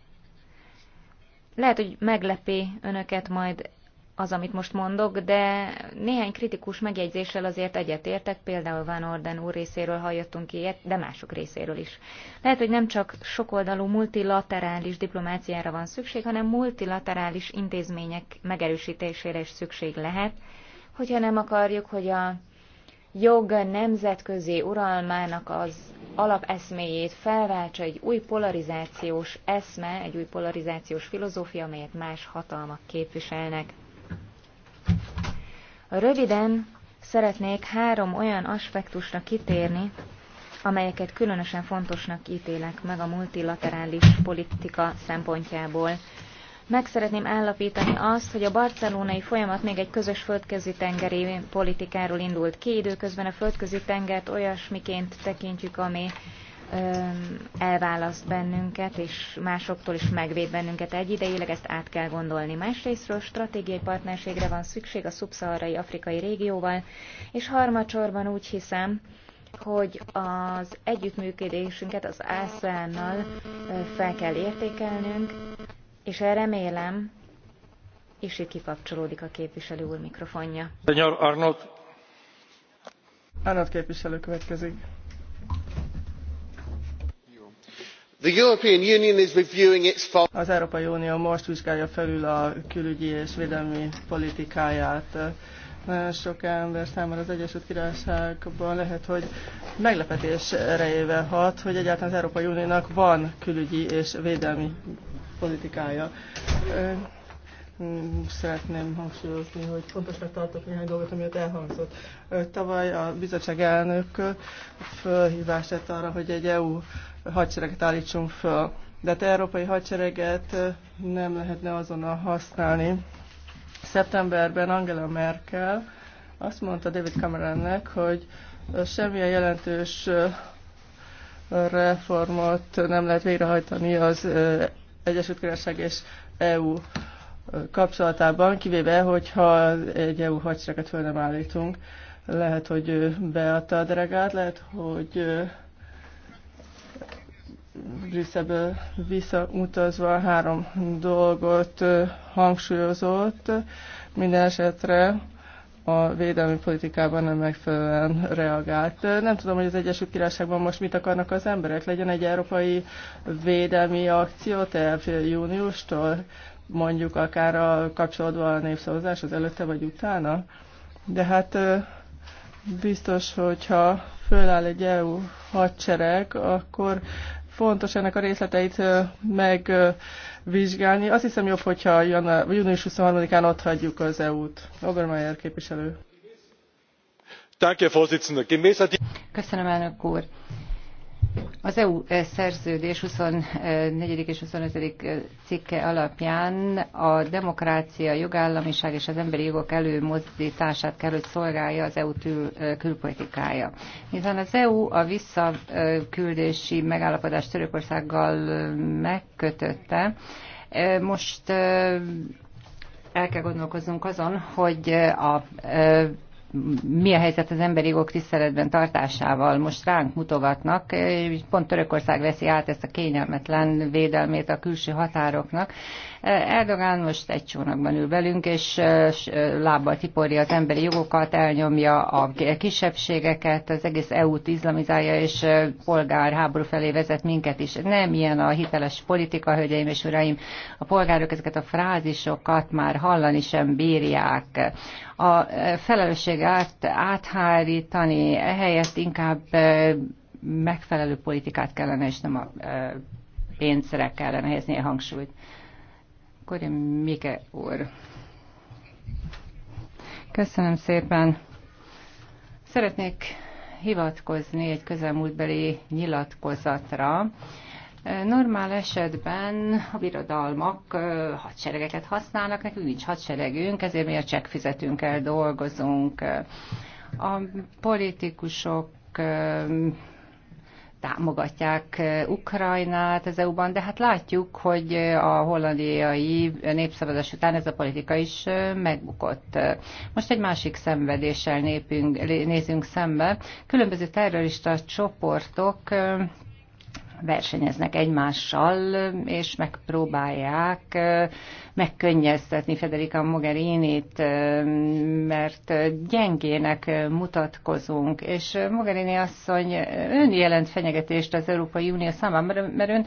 Lehet, hogy meglepi önöket majd az, amit most mondok, de néhány kritikus megjegyzéssel azért egyetértek, például Van Orden úr részéről hallottunk ilyet, de mások részéről is. Lehet, hogy nem csak sokoldalú multilaterális diplomáciára van szükség, hanem multilaterális intézmények megerősítésére is szükség lehet, hogyha nem akarjuk, hogy a jog nemzetközi uralmának az alapeszméjét felváltsa egy új polarizációs eszme, egy új polarizációs filozófia, amelyet más hatalmak képviselnek. Röviden szeretnék három olyan aspektusra kitérni, amelyeket különösen fontosnak ítélek meg a multilaterális politika szempontjából. Meg szeretném állapítani azt, hogy a barcelonai folyamat még egy közös földközi tengeri politikáról indult ki, időközben a földközi tengert olyasmiként tekintjük, ami elválaszt bennünket, és másoktól is megvéd bennünket egyidejileg, ezt át kell gondolni. Másrésztről stratégiai partnerségre van szükség a szubszaharai afrikai régióval, és harmadsorban úgy hiszem, hogy az együttműködésünket az ASEAN-nal fel kell értékelnünk, és erre remélem, és itt kikapcsolódik a képviselő úr mikrofonja. Arnold. Arnold képviselő következik. az európai unió most vizsgálja felül a külügyi és védelmi politikáját. Nagyon sok ember számára az Egyesült Királyságban lehet, hogy meglepetés erejével hat, hogy egyáltalán az Európai Uniónak van külügyi és védelmi politikája. Hm, szeretném hangsúlyozni, hogy fontosnak tartok néhány dolgot, amit elhangzott. Tavaly a bizottság elnök fölhívást tett arra, hogy egy EU hadsereget állítsunk föl. De hát európai hadsereget nem lehetne azonnal használni. Szeptemberben Angela Merkel azt mondta David Cameronnek, hogy semmilyen jelentős reformot nem lehet végrehajtani az Egyesült Királyság és EU kapcsolatában, kivéve, hogyha egy EU hadsereget föl nem állítunk. Lehet, hogy beadta a delegát, lehet, hogy Brüsszelből visszautazva három dolgot hangsúlyozott. Minden esetre a védelmi politikában nem megfelelően reagált. Nem tudom, hogy az Egyesült Királyságban most mit akarnak az emberek. Legyen egy európai védelmi akció akcióterv júniustól, mondjuk akár a kapcsolódva a népszavazás az előtte vagy utána. De hát biztos, hogyha föláll egy EU hadsereg, akkor fontos ennek a részleteit megvizsgálni. Azt hiszem jobb, hogyha június 23-án ott hagyjuk az EU-t. Obermeier képviselő. Köszönöm, elnök úr az EU e, szerződés 24. és 25. E, cikke alapján a demokrácia, jogállamiság és az emberi jogok előmozdítását kell, hogy szolgálja az EU tül, e, külpolitikája. Mivel az EU a visszaküldési megállapodást Törökországgal megkötötte, most el kell gondolkoznunk azon, hogy a mi a helyzet az emberi jogok tiszteletben tartásával. Most ránk mutogatnak, pont Törökország veszi át ezt a kényelmetlen védelmét a külső határoknak, Erdogán most egy csónakban ül velünk, és lábbal tiporja az emberi jogokat, elnyomja a kisebbségeket, az egész EU-t izlamizálja, és polgárháború felé vezet minket is. Nem ilyen a hiteles politika, hölgyeim és uraim. A polgárok ezeket a frázisokat már hallani sem bírják. A át, áthárítani, ehelyett inkább megfelelő politikát kellene, és nem a pénzre kellene helyezni a hangsúlyt. Korin Mike úr. Köszönöm szépen. Szeretnék hivatkozni egy közelmúltbeli nyilatkozatra. Normál esetben a birodalmak hadseregeket használnak, nekünk nincs hadseregünk, ezért mi a csekk fizetünk el, dolgozunk. A politikusok támogatják eh, Ukrajnát az EU-ban, de hát látjuk, hogy eh, a hollandiai népszavazás után ez a politika is eh, megbukott. Most egy másik szenvedéssel népünk, nézünk szembe. Különböző terrorista csoportok versenyeznek egymással, és megpróbálják megkönnyeztetni Federica Mogherinit, mert gyengének mutatkozunk, és Mogherini asszony ön jelent fenyegetést az Európai Unió számára, mert ön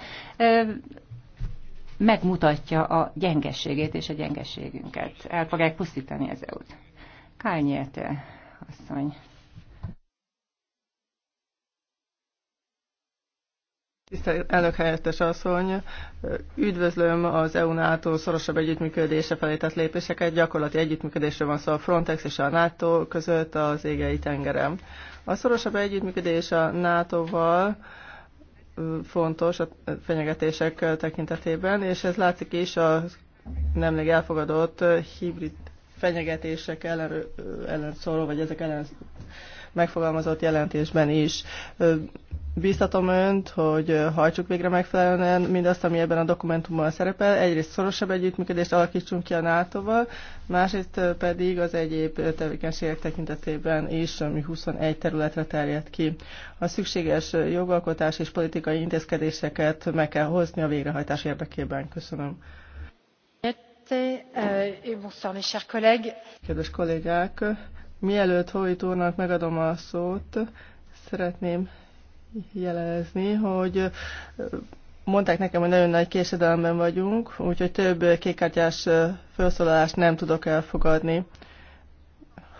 megmutatja a gyengességét és a gyengeségünket. El fogják pusztítani az EU-t. Kányéte asszony. Tisztelt elnök helyettes asszony, üdvözlöm az EU-NATO szorosabb együttműködése felé tett lépéseket. Gyakorlati együttműködésről van szó a Frontex és a NATO között az égei tengerem. A szorosabb együttműködés a NATO-val fontos a fenyegetések tekintetében, és ez látszik is a nemrég elfogadott hibrid fenyegetések ellen, ellen szóló, vagy ezek ellen megfogalmazott jelentésben is Bíztatom önt, hogy hajtsuk végre megfelelően mindazt, ami ebben a dokumentumban szerepel. Egyrészt szorosabb együttműködést alakítsunk ki a NATO-val, másrészt pedig az egyéb tevékenységek tekintetében is, ami 21 területre terjed ki. A szükséges jogalkotás és politikai intézkedéseket meg kell hozni a végrehajtás érdekében. Köszönöm. Kedves kollégák, mielőtt Hoyt úrnak megadom a szót, szeretném jelezni, hogy mondták nekem, hogy nagyon nagy késedelemben vagyunk, úgyhogy több kékkártyás felszólalást nem tudok elfogadni.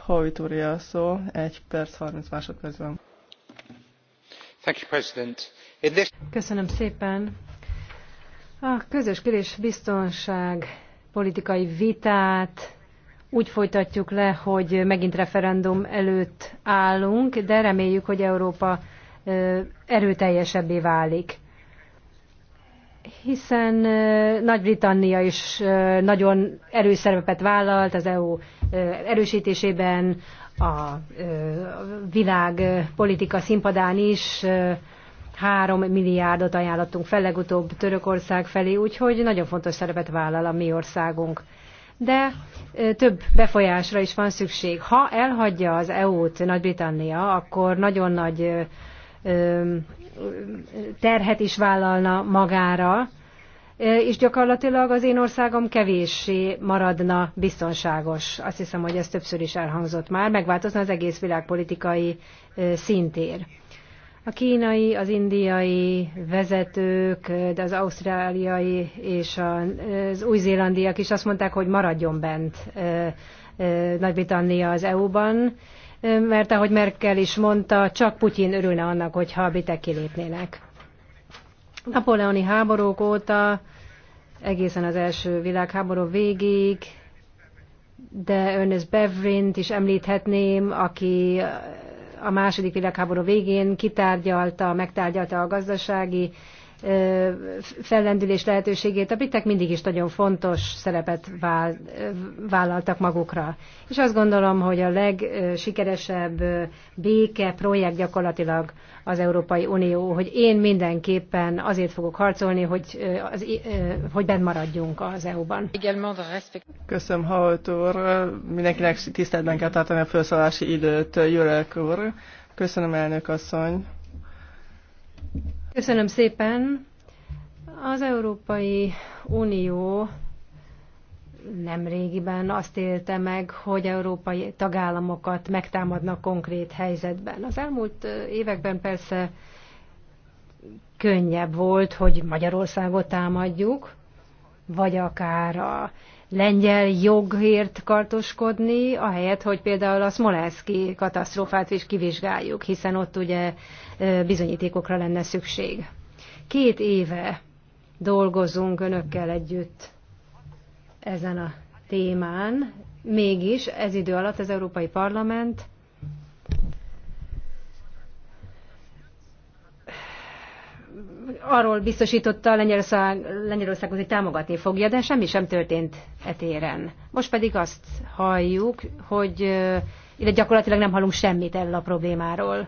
Howitt úr a szó, egy perc 30 másodpercben. Köszönöm szépen. A közös kérés biztonság politikai vitát úgy folytatjuk le, hogy megint referendum előtt állunk, de reméljük, hogy Európa erőteljesebbé válik. Hiszen Nagy-Britannia is nagyon erős szerepet vállalt az EU erősítésében, a világ politika színpadán is, három milliárdot ajánlottunk fel legutóbb Törökország felé, úgyhogy nagyon fontos szerepet vállal a mi országunk. De több befolyásra is van szükség. Ha elhagyja az EU-t Nagy-Britannia, akkor nagyon nagy terhet is vállalna magára, és gyakorlatilag az én országom kevéssé maradna biztonságos. Azt hiszem, hogy ez többször is elhangzott már, megváltozna az egész világpolitikai szintér. A kínai, az indiai vezetők, de az ausztráliai és az új-zélandiak is azt mondták, hogy maradjon bent Nagy-Britannia az EU-ban, mert ahogy Merkel is mondta, csak Putyin örülne annak, hogyha a britek kilépnének. Napoleoni háborúk óta, egészen az első világháború végig, de Ernest Bevrint is említhetném, aki a második világháború végén kitárgyalta, megtárgyalta a gazdasági fellendülés lehetőségét a britek mindig is nagyon fontos szerepet vállaltak magukra. És azt gondolom, hogy a legsikeresebb béke projekt gyakorlatilag az Európai Unió, hogy én mindenképpen azért fogok harcolni, hogy, az, hogy bent maradjunk az EU-ban. Köszönöm, Haut úr. Mindenkinek tiszteletben kell tartani a felszólási időt, Jürek úr. Köszönöm, elnök asszony. Köszönöm szépen. Az Európai Unió nem régiben azt élte meg, hogy európai tagállamokat megtámadnak konkrét helyzetben. Az elmúlt években persze könnyebb volt, hogy Magyarországot támadjuk, vagy akár a lengyel jogért kartoskodni, ahelyett, hogy például a Smolenszki katasztrófát is kivizsgáljuk, hiszen ott ugye bizonyítékokra lenne szükség. Két éve dolgozunk önökkel együtt ezen a témán, mégis ez idő alatt az Európai Parlament arról biztosította Lengyelország, Lengyelországot, hogy támogatni fogja, de semmi sem történt etéren. Most pedig azt halljuk, hogy ide gyakorlatilag nem hallunk semmit erről a problémáról.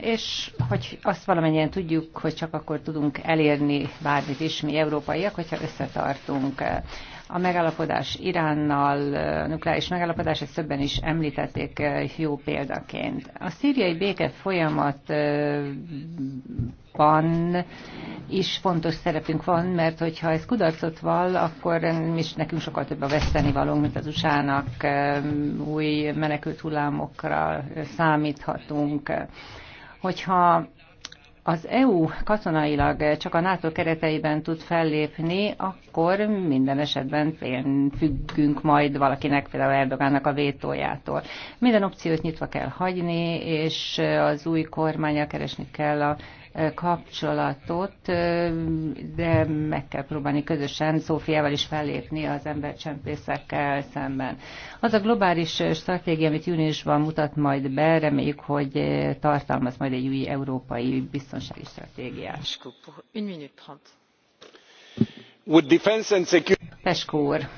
és hogy azt valamennyien tudjuk, hogy csak akkor tudunk elérni bármit is mi európaiak, hogyha összetartunk. A megállapodás Iránnal, a nukleáris megállapodás, ezt többen is említették jó példaként. A szíriai béke folyamatban is fontos szerepünk van, mert hogyha ez kudarcot vall, akkor is nekünk sokkal több a vesztenivalónk, mint az USA-nak új menekült hullámokra számíthatunk hogyha az EU katonailag csak a NATO kereteiben tud fellépni, akkor minden esetben függünk majd valakinek, például Erdogánnak a vétójától. Minden opciót nyitva kell hagyni, és az új kormánya keresni kell a kapcsolatot, de meg kell próbálni közösen Szófiával is fellépni az embercsempészekkel szemben. Az a globális stratégia, amit júniusban mutat majd be, reméljük, hogy tartalmaz majd egy új európai biztonsági stratégiát. Peskó úr,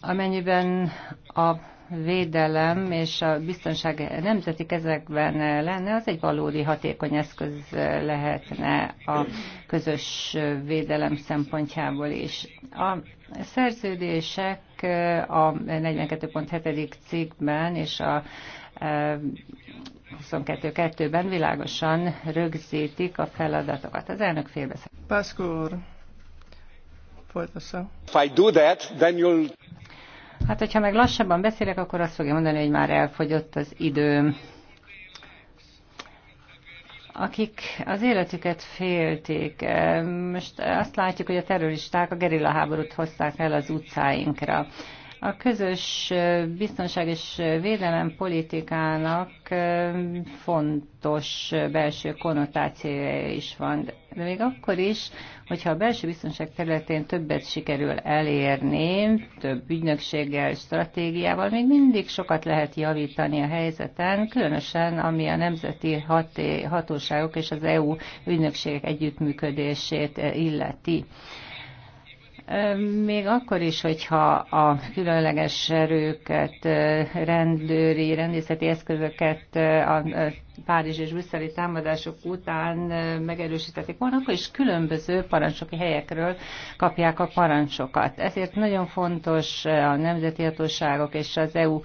amennyiben a védelem és a biztonság nemzeti kezekben lenne, az egy valódi hatékony eszköz lehetne a közös védelem szempontjából is. A szerződések a 42.7. cikkben és a 22.2-ben e, világosan rögzítik a feladatokat. Az elnök félbeszél. Pászkó úr, folytassa. If I do that, then you'll Hát, hogyha meg lassabban beszélek, akkor azt fogja mondani, hogy már elfogyott az időm. Akik az életüket félték, eh, most azt látjuk, hogy a terroristák a gerilla háborút hozták el az utcáinkra. A közös biztonság és védelem politikának fontos belső konnotációja is van, de még akkor is, hogyha a belső biztonság területén többet sikerül elérni, több ügynökséggel, stratégiával, még mindig sokat lehet javítani a helyzeten, különösen ami a nemzeti hatóságok és az EU ügynökségek együttműködését illeti még akkor is, hogyha a különleges erőket, rendőri, rendészeti eszközöket a Párizs és brüsszeli támadások után megerősítették volna, akkor is különböző parancsoki helyekről kapják a parancsokat. Ezért nagyon fontos a nemzeti hatóságok és az EU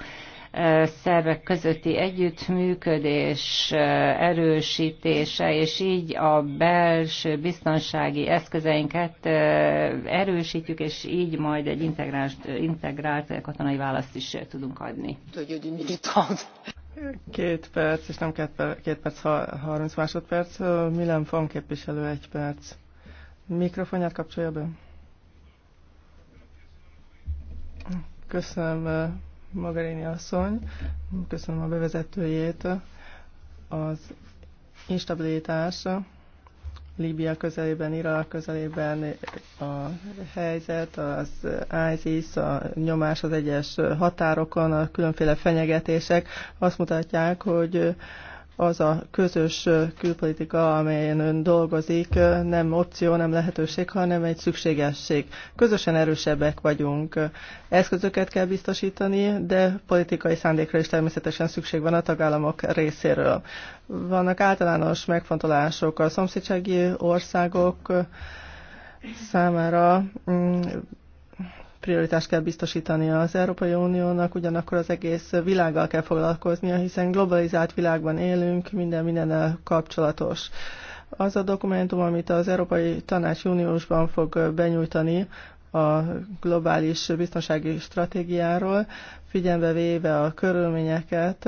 szervek közötti együttműködés erősítése, és így a belső biztonsági eszközeinket erősítjük, és így majd egy integrált, integrált katonai választ is tudunk adni. Két perc, és nem két perc, két perc, harminc másodperc. Milyen van képviselő egy perc? Mikrofonját kapcsolja be. Köszönöm Mogherini asszony, köszönöm a bevezetőjét. Az instabilitás Líbia közelében, Irak közelében a helyzet, az ISIS, a nyomás az egyes határokon, a különféle fenyegetések azt mutatják, hogy az a közös külpolitika, amelyen ön dolgozik, nem opció, nem lehetőség, hanem egy szükségesség. Közösen erősebbek vagyunk. Eszközöket kell biztosítani, de politikai szándékra is természetesen szükség van a tagállamok részéről. Vannak általános megfontolások a szomszédsági országok, számára mm, prioritást kell biztosítania az Európai Uniónak, ugyanakkor az egész világgal kell foglalkoznia, hiszen globalizált világban élünk, minden minden kapcsolatos. Az a dokumentum, amit az Európai Tanács júniusban fog benyújtani, a globális biztonsági stratégiáról, figyelembe véve a körülményeket,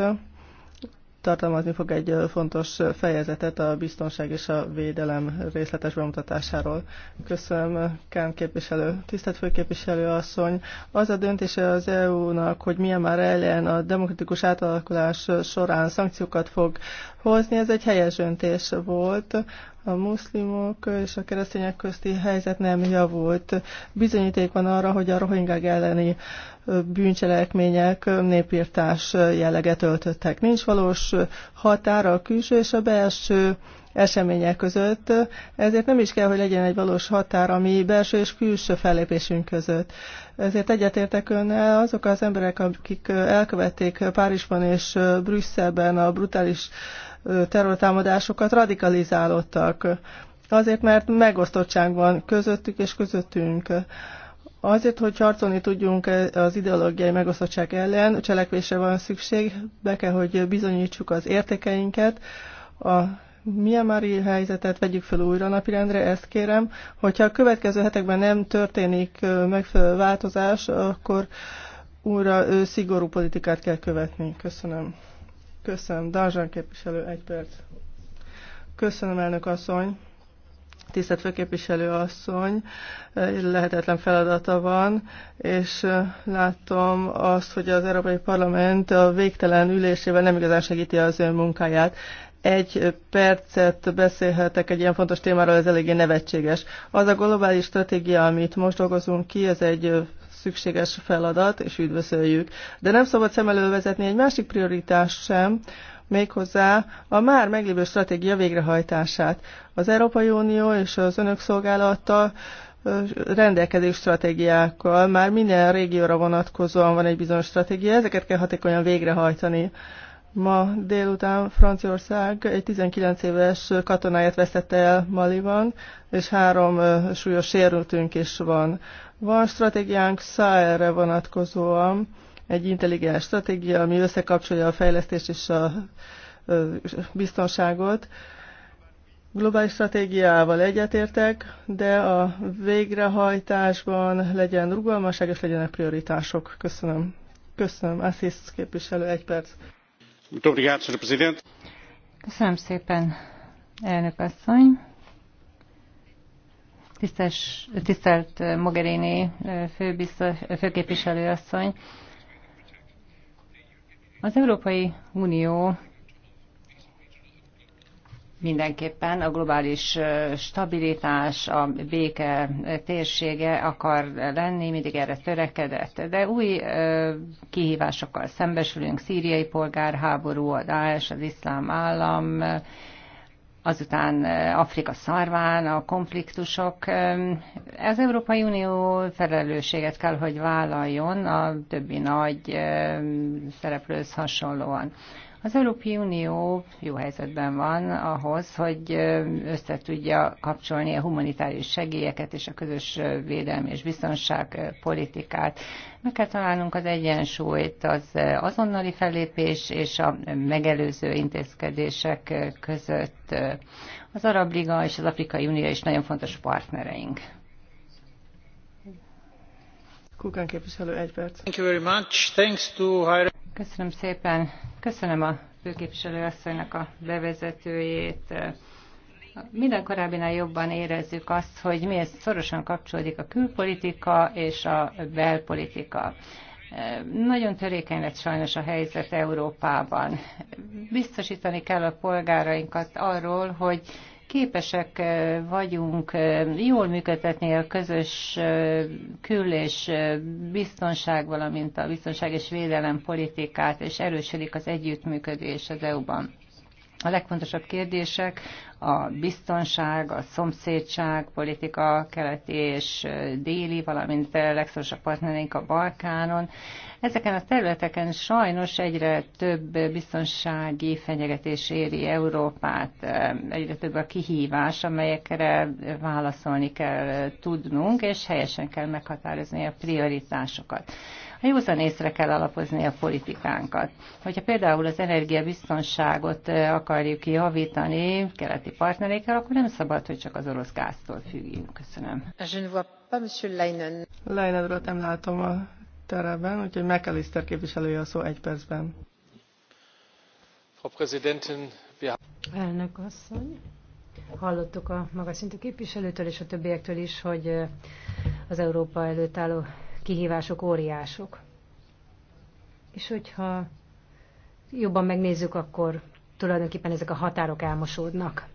tartalmazni fog egy fontos fejezetet a biztonság és a védelem részletes bemutatásáról. Köszönöm, Kán képviselő, tisztelt főképviselő asszony. Az a döntése az EU-nak, hogy milyen már ellen a demokratikus átalakulás során szankciókat fog hozni. Ez egy helyes döntés volt. A muszlimok és a keresztények közti helyzet nem javult. Bizonyíték van arra, hogy a rohingák elleni bűncselekmények népírtás jelleget öltöttek. Nincs valós határa a külső és a belső események között, ezért nem is kell, hogy legyen egy valós határ a mi belső és külső fellépésünk között. Ezért egyetértek önnel azok az emberek, akik elkövették Párizsban és Brüsszelben a brutális terrortámadásokat, radikalizálódtak. Azért, mert megosztottság van közöttük és közöttünk. Azért, hogy harcolni tudjunk e, az ideológiai megosztottság ellen, cselekvésre van szükség, be kell, hogy bizonyítsuk az értékeinket, a Myanmari helyzetet vegyük fel újra napirendre, ezt kérem. Hogyha a következő hetekben nem történik megfelelő változás, akkor újra szigorú politikát kell követni. Köszönöm. Köszönöm. Darzsán képviselő, egy perc. Köszönöm, elnök asszony. Tisztelt főképviselő asszony, lehetetlen feladata van, és látom azt, hogy az Európai Parlament a végtelen ülésével nem igazán segíti az ön munkáját egy percet beszélhetek egy ilyen fontos témáról, ez eléggé nevetséges. Az a globális stratégia, amit most dolgozunk ki, ez egy szükséges feladat, és üdvözöljük. De nem szabad szem elől vezetni egy másik prioritás sem, méghozzá a már meglévő stratégia végrehajtását. Az Európai Unió és az Önök Szolgálata rendelkezés stratégiákkal már minden régióra vonatkozóan van egy bizonyos stratégia, ezeket kell hatékonyan végrehajtani. Ma délután Franciaország egy 19 éves katonáját vesztette el Maliban, és három súlyos sérültünk is van. Van stratégiánk Száelre vonatkozóan, egy intelligens stratégia, ami összekapcsolja a fejlesztést és a biztonságot. Globális stratégiával egyetértek, de a végrehajtásban legyen rugalmasság és legyenek prioritások. Köszönöm. Köszönöm. Assist képviselő, egy perc. Köszönöm szépen, elnök asszony. tisztelt Mogherini eh, eh, főképviselő asszony. Az Európai Unió mindenképpen a globális stabilitás, a béke térsége akar lenni, mindig erre törekedett. De új kihívásokkal szembesülünk, szíriai polgárháború, a Daesh, az iszlám állam, azután Afrika szarván a konfliktusok. Az Európai Unió felelősséget kell, hogy vállaljon a többi nagy szereplőhöz hasonlóan. Az Európai Unió jó helyzetben van ahhoz, hogy össze tudja kapcsolni a humanitárius segélyeket és a közös védelmi és politikát. Meg kell találnunk az egyensúlyt az azonnali fellépés és a megelőző intézkedések között. Az Arab Liga és az Afrikai Unió is nagyon fontos partnereink. Kukán képviselő, egy perc. Thank you very much. Thanks to Köszönöm szépen. Köszönöm a főképviselő asszonynak a bevezetőjét. Minden korábbinál jobban érezzük azt, hogy miért szorosan kapcsolódik a külpolitika és a belpolitika. Nagyon törékeny lett sajnos a helyzet Európában. Biztosítani kell a polgárainkat arról, hogy képesek vagyunk jól működtetni a közös kül- és biztonság, valamint a biztonság és védelem politikát, és erősödik az együttműködés az EU-ban. A legfontosabb kérdések a biztonság, a szomszédság, politika keleti és déli, valamint legszorosabb partnereink a Balkánon. Ezeken a területeken sajnos egyre több biztonsági fenyegetés éri Európát, egyre több a kihívás, amelyekre válaszolni kell tudnunk, és helyesen kell meghatározni a prioritásokat a józan észre kell alapozni a politikánkat. Hogyha például az energiabiztonságot akarjuk javítani, keleti keleti partnerékkel, akkor nem szabad, hogy csak az orosz gáztól függjünk. Köszönöm. Leinen. urat nem látom a teremben, úgyhogy McAllister képviselője a szó egy percben. Elnök asszony, hallottuk a magas szintű képviselőtől és a többiektől is, hogy az Európa előtt álló kihívások óriások. És hogyha jobban megnézzük, akkor tulajdonképpen ezek a határok elmosódnak.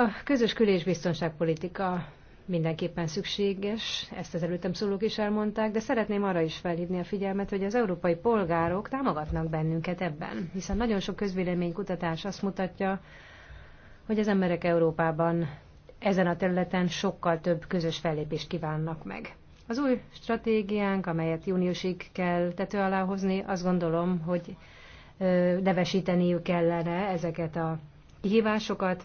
A közös kül- és biztonságpolitika mindenképpen szükséges, ezt az előttem szólók is elmondták, de szeretném arra is felhívni a figyelmet, hogy az európai polgárok támogatnak bennünket ebben, hiszen nagyon sok közvéleménykutatás azt mutatja, hogy az emberek Európában ezen a területen sokkal több közös fellépést kívánnak meg. Az új stratégiánk, amelyet júniusig kell tető alá hozni, azt gondolom, hogy nevesíteniük kellene ezeket a kihívásokat,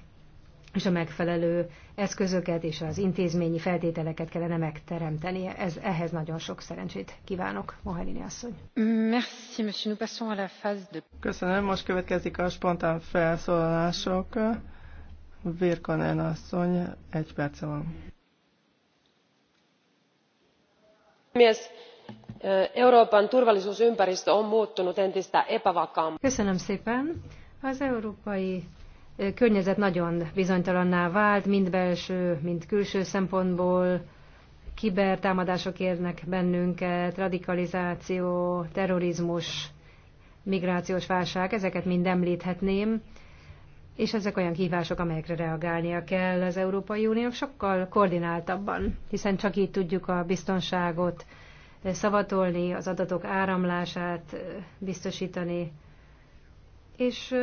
és a megfelelő eszközöket és az intézményi feltételeket kellene megteremteni. Ez, ehhez nagyon sok szerencsét kívánok, Mohalini asszony. Merci, monsieur. Nous passons à la phase de... Köszönöm, most következik a spontán felszólalások. Virkanen asszony, egy perc van. Euroopan turvallisuusympäristö on muuttunut entistä epävakaammaksi. Köszönöm szépen. Az európai környezet nagyon bizonytalanná vált, mind belső, mind külső szempontból. Kibertámadások érnek bennünket, radikalizáció, terrorizmus, migrációs válság, ezeket mind említhetném. És ezek olyan kihívások, amelyekre reagálnia kell az Európai Unió sokkal koordináltabban, hiszen csak így tudjuk a biztonságot szavatolni, az adatok áramlását biztosítani, és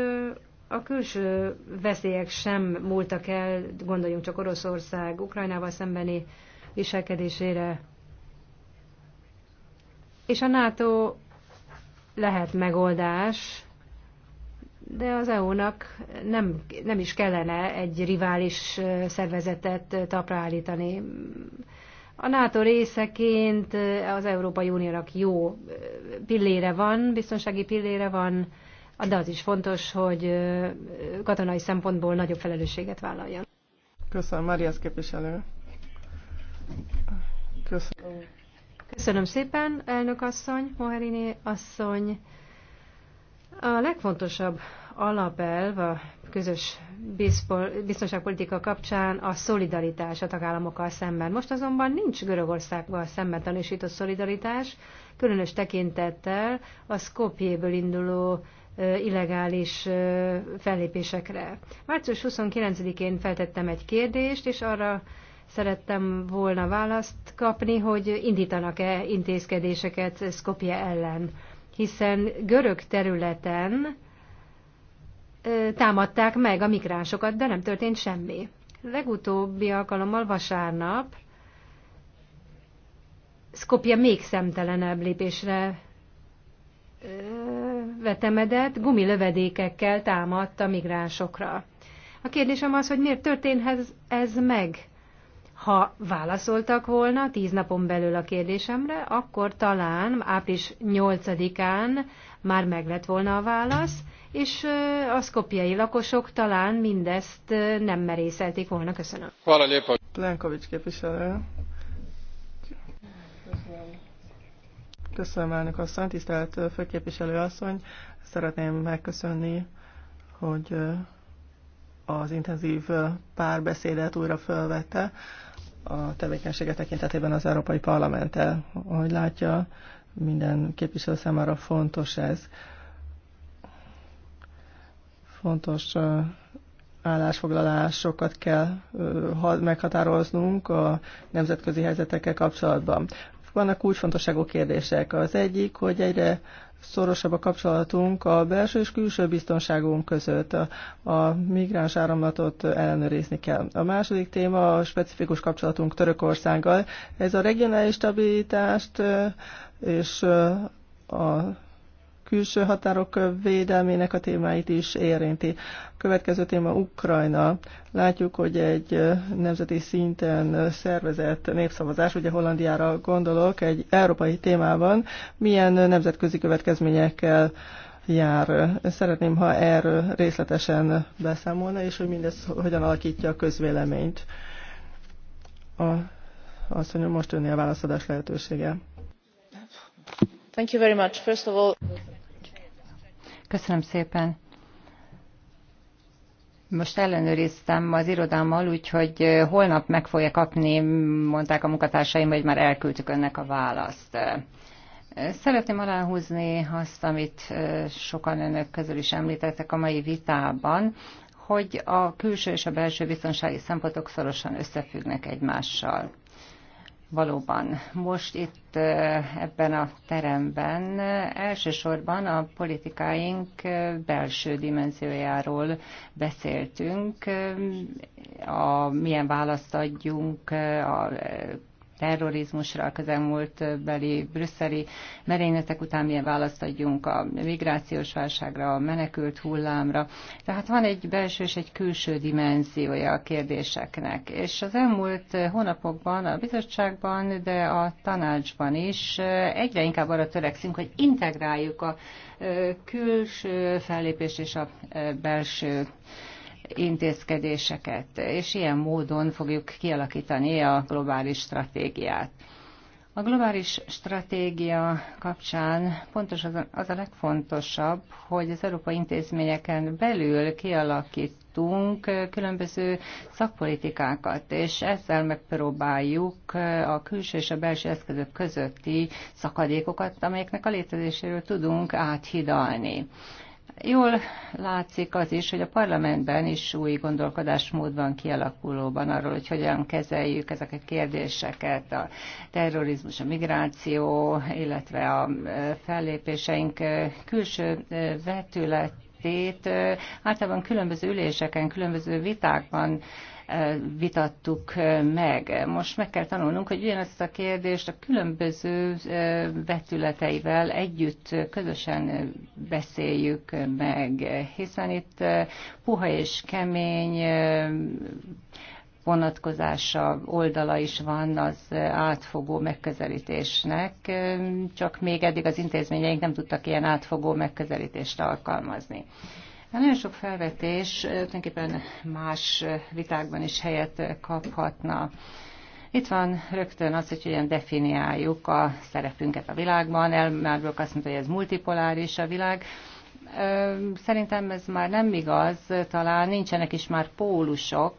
a külső veszélyek sem múltak el, gondoljunk csak Oroszország Ukrajnával szembeni viselkedésére. És a NATO lehet megoldás, de az EU-nak nem, nem is kellene egy rivális szervezetet tapra állítani. A NATO részeként az Európai Uniónak jó pillére van, biztonsági pillére van, de az is fontos, hogy katonai szempontból nagyobb felelősséget vállaljon. Köszönöm, Marias képviselő. Köszönöm. Köszönöm szépen, elnök asszony, Moherini asszony. A legfontosabb alapelv a közös biztonságpolitika kapcsán a szolidaritás a tagállamokkal szemben. Most azonban nincs Görögországgal szemben tanúsított szolidaritás, különös tekintettel a Skopjéből induló illegális fellépésekre. Március 29-én feltettem egy kérdést, és arra szerettem volna választ kapni, hogy indítanak-e intézkedéseket Skopje ellen, hiszen görög területen támadták meg a migránsokat, de nem történt semmi. Legutóbbi alkalommal vasárnap Skopje még szemtelenebb lépésre vetemedett gumilövedékekkel támadt a migránsokra. A kérdésem az, hogy miért történhet ez meg? Ha válaszoltak volna tíz napon belül a kérdésemre, akkor talán április 8-án már meg lett volna a válasz, és a szkopjai lakosok talán mindezt nem merészelték volna. Köszönöm. Plenkovics képviselő. Köszönöm, elnök asszony, tisztelt főképviselő asszony. Szeretném megköszönni, hogy az intenzív párbeszédet újra felvette a tevékenysége tekintetében az Európai Parlamenttel. Ahogy látja, minden képviselő számára fontos ez. Fontos állásfoglalásokat kell meghatároznunk a nemzetközi helyzetekkel kapcsolatban. Vannak kulcsfontosságú kérdések. Az egyik, hogy egyre szorosabb a kapcsolatunk a belső és külső biztonságunk között. A migráns áramlatot ellenőrizni kell. A második téma a specifikus kapcsolatunk Törökországgal. Ez a regionális stabilitást és a külső határok védelmének a témáit is érinti. A következő téma Ukrajna. Látjuk, hogy egy nemzeti szinten szervezett népszavazás, ugye Hollandiára gondolok, egy európai témában milyen nemzetközi következményekkel jár. Szeretném, ha erről részletesen beszámolna, és hogy mindez hogyan alakítja a közvéleményt. A, azt mondja, most önnél a válaszadás lehetősége. Thank you very much. First of all... Köszönöm szépen. Most ellenőriztem az irodámmal, úgyhogy holnap meg fogja kapni, mondták a munkatársaim, hogy már elküldtük önnek a választ. Szeretném aláhúzni azt, amit sokan önök közül is említettek a mai vitában, hogy a külső és a belső biztonsági szempontok szorosan összefüggnek egymással. Valóban, most itt ebben a teremben elsősorban a politikáink belső dimenziójáról beszéltünk, a milyen választ adjunk a terrorizmusra, a közelmúlt beli brüsszeli merényletek után milyen választ adjunk a migrációs válságra, a menekült hullámra. Tehát van egy belső és egy külső dimenziója a kérdéseknek. És az elmúlt hónapokban a bizottságban, de a tanácsban is egyre inkább arra törekszünk, hogy integráljuk a külső fellépést és a belső intézkedéseket, és ilyen módon fogjuk kialakítani a globális stratégiát. A globális stratégia kapcsán pontos az a, az a legfontosabb, hogy az európai intézményeken belül kialakítunk különböző szakpolitikákat, és ezzel megpróbáljuk a külső és a belső eszközök közötti szakadékokat, amelyeknek a létezéséről tudunk áthidalni. Jól látszik az is, hogy a parlamentben is új gondolkodásmód van kialakulóban arról, hogy hogyan kezeljük ezeket a kérdéseket, a terrorizmus, a migráció, illetve a fellépéseink külső vetület általában különböző üléseken, különböző vitákban vitattuk meg. Most meg kell tanulnunk, hogy ugyanezt a kérdést a különböző vetületeivel együtt közösen beszéljük meg, hiszen itt puha és kemény vonatkozása, oldala is van az átfogó megközelítésnek, csak még eddig az intézményeink nem tudtak ilyen átfogó megközelítést alkalmazni. Hát nagyon sok felvetés tulajdonképpen más vitákban is helyet kaphatna. Itt van rögtön az, hogy ilyen definiáljuk a szerepünket a világban. Elmárbrock azt mondta, hogy ez multipoláris a világ. Szerintem ez már nem igaz, talán nincsenek is már pólusok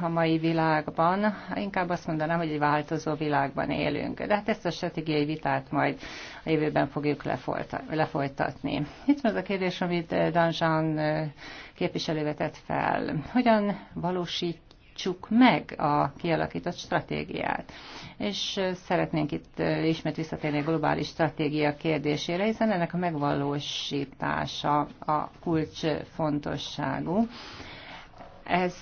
a mai világban, inkább azt mondanám, hogy egy változó világban élünk. De hát ezt a stratégiai vitát majd a jövőben fogjuk lefolytatni. Itt van az a kérdés, amit Danzsán képviselő vetett fel. Hogyan valósít valósítsuk meg a kialakított stratégiát. És szeretnénk itt ismét visszatérni a globális stratégia kérdésére, hiszen ennek a megvalósítása a kulcs fontosságú. Ez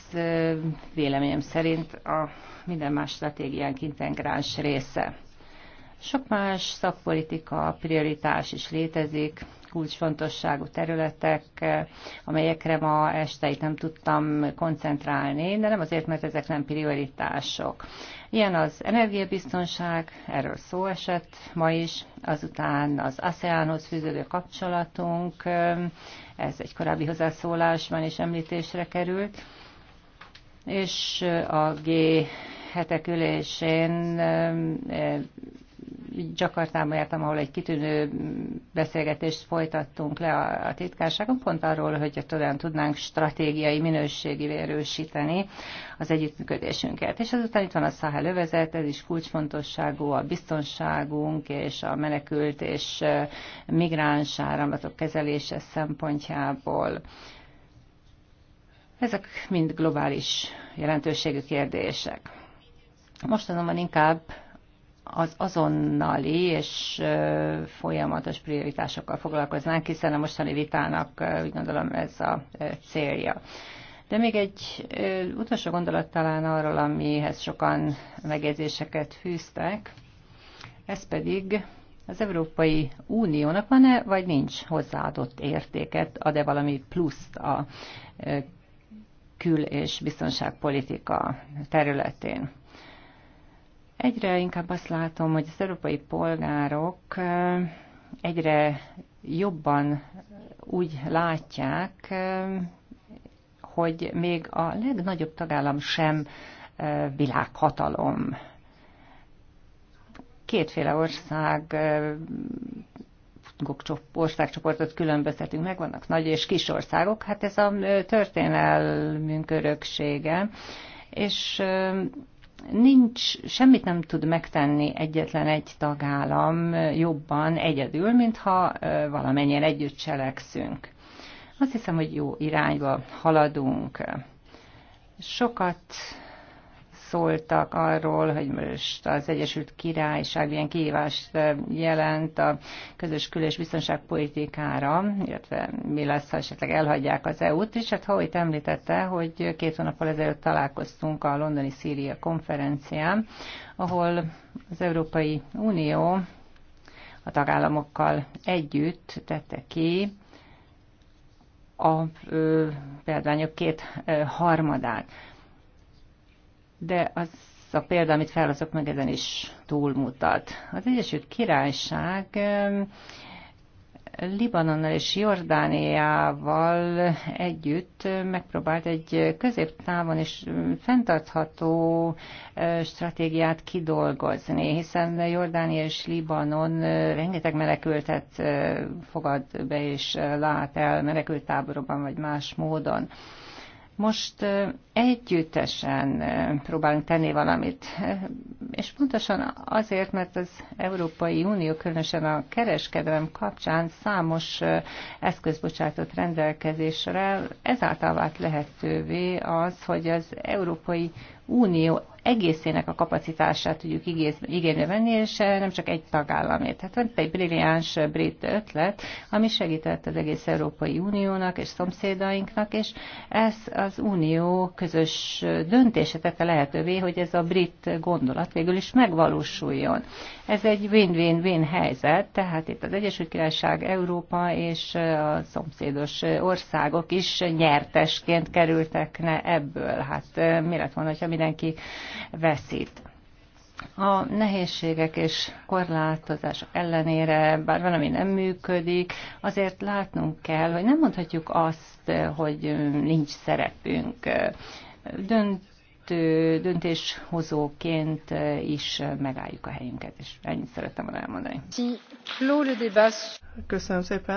véleményem szerint a minden más stratégiánk integráns része. Sok más szakpolitika, prioritás is létezik, kulcsfontosságú területek, eh, amelyekre ma este itt nem tudtam koncentrálni, de nem azért, mert ezek nem prioritások. Ilyen az energiabiztonság, erről szó esett ma is, azután az ASEANhoz fűződő kapcsolatunk, eh, ez egy korábbi hozzászólásban is említésre került, és a G hetek ülésén eh, Jakartába jártam, ahol egy kitűnő beszélgetést folytattunk le a, a titkárságon, pont arról, hogy olyan tudnánk stratégiai minőségi erősíteni az együttműködésünket. És azután itt van a Szahel övezet, ez is kulcsfontosságú, a biztonságunk és a menekült és migráns áramlatok kezelése szempontjából. Ezek mind globális jelentőségű kérdések. Most azonban inkább az azonnali és folyamatos prioritásokkal foglalkoznánk, hiszen a mostani vitának úgy gondolom ez a célja. De még egy utolsó gondolat talán arról, amihez sokan megjegyzéseket fűztek, ez pedig az Európai Uniónak van-e, vagy nincs hozzáadott értéket, ad-e valami pluszt a kül- és biztonságpolitika területén. Egyre inkább azt látom, hogy az európai polgárok egyre jobban úgy látják, hogy még a legnagyobb tagállam sem világhatalom. Kétféle ország országcsoportot különböztetünk meg, vannak nagy és kis országok, hát ez a történelmünk öröksége, és nincs, semmit nem tud megtenni egyetlen egy tagállam jobban egyedül, mintha valamennyien együtt cselekszünk. Azt hiszem, hogy jó irányba haladunk. Sokat szóltak arról, hogy most az Egyesült Királyság ilyen kihívást eh, jelent a közös kül- és biztonságpolitikára, illetve mi lesz, ha esetleg elhagyják az EU-t, és hát Howitt említette, hogy két hónappal ezelőtt találkoztunk a londoni Szíria konferencián, ahol az Európai Unió a tagállamokkal együtt tette ki a példányok két ö, harmadát de az a példa, amit felhozok meg, ezen is túlmutat. Az Egyesült Királyság Libanonnal és Jordániával együtt megpróbált egy középtávon és fenntartható stratégiát kidolgozni, hiszen Jordánia és Libanon rengeteg menekültet fogad be és lát el menekültáborokban vagy más módon. Most együttesen próbálunk tenni valamit, és pontosan azért, mert az Európai Unió különösen a kereskedelem kapcsán számos eszköz bocsátott rendelkezésre, ezáltal vált lehetővé az, hogy az Európai Unió egészének a kapacitását tudjuk igénybe venni, és eh, nem csak egy tagállamért. Tehát van egy brilliáns brit ötlet, ami segített az egész Európai Uniónak és szomszédainknak, és ez az Unió közös döntése tette lehetővé, hogy ez a brit gondolat végül is megvalósuljon. Ez egy win-win-win helyzet, tehát itt az Egyesült Királyság, Európa és eh, a szomszédos országok is nyertesként kerültek ne ebből. Hát eh, mi lett volna, ha mi mindenki veszít. A nehézségek és korlátozás ellenére, bár valami nem működik, azért látnunk kell, hogy nem mondhatjuk azt, hogy nincs szerepünk. Döntő, döntéshozóként is megálljuk a helyünket, és ennyit szerettem volna elmondani. Köszönöm szépen.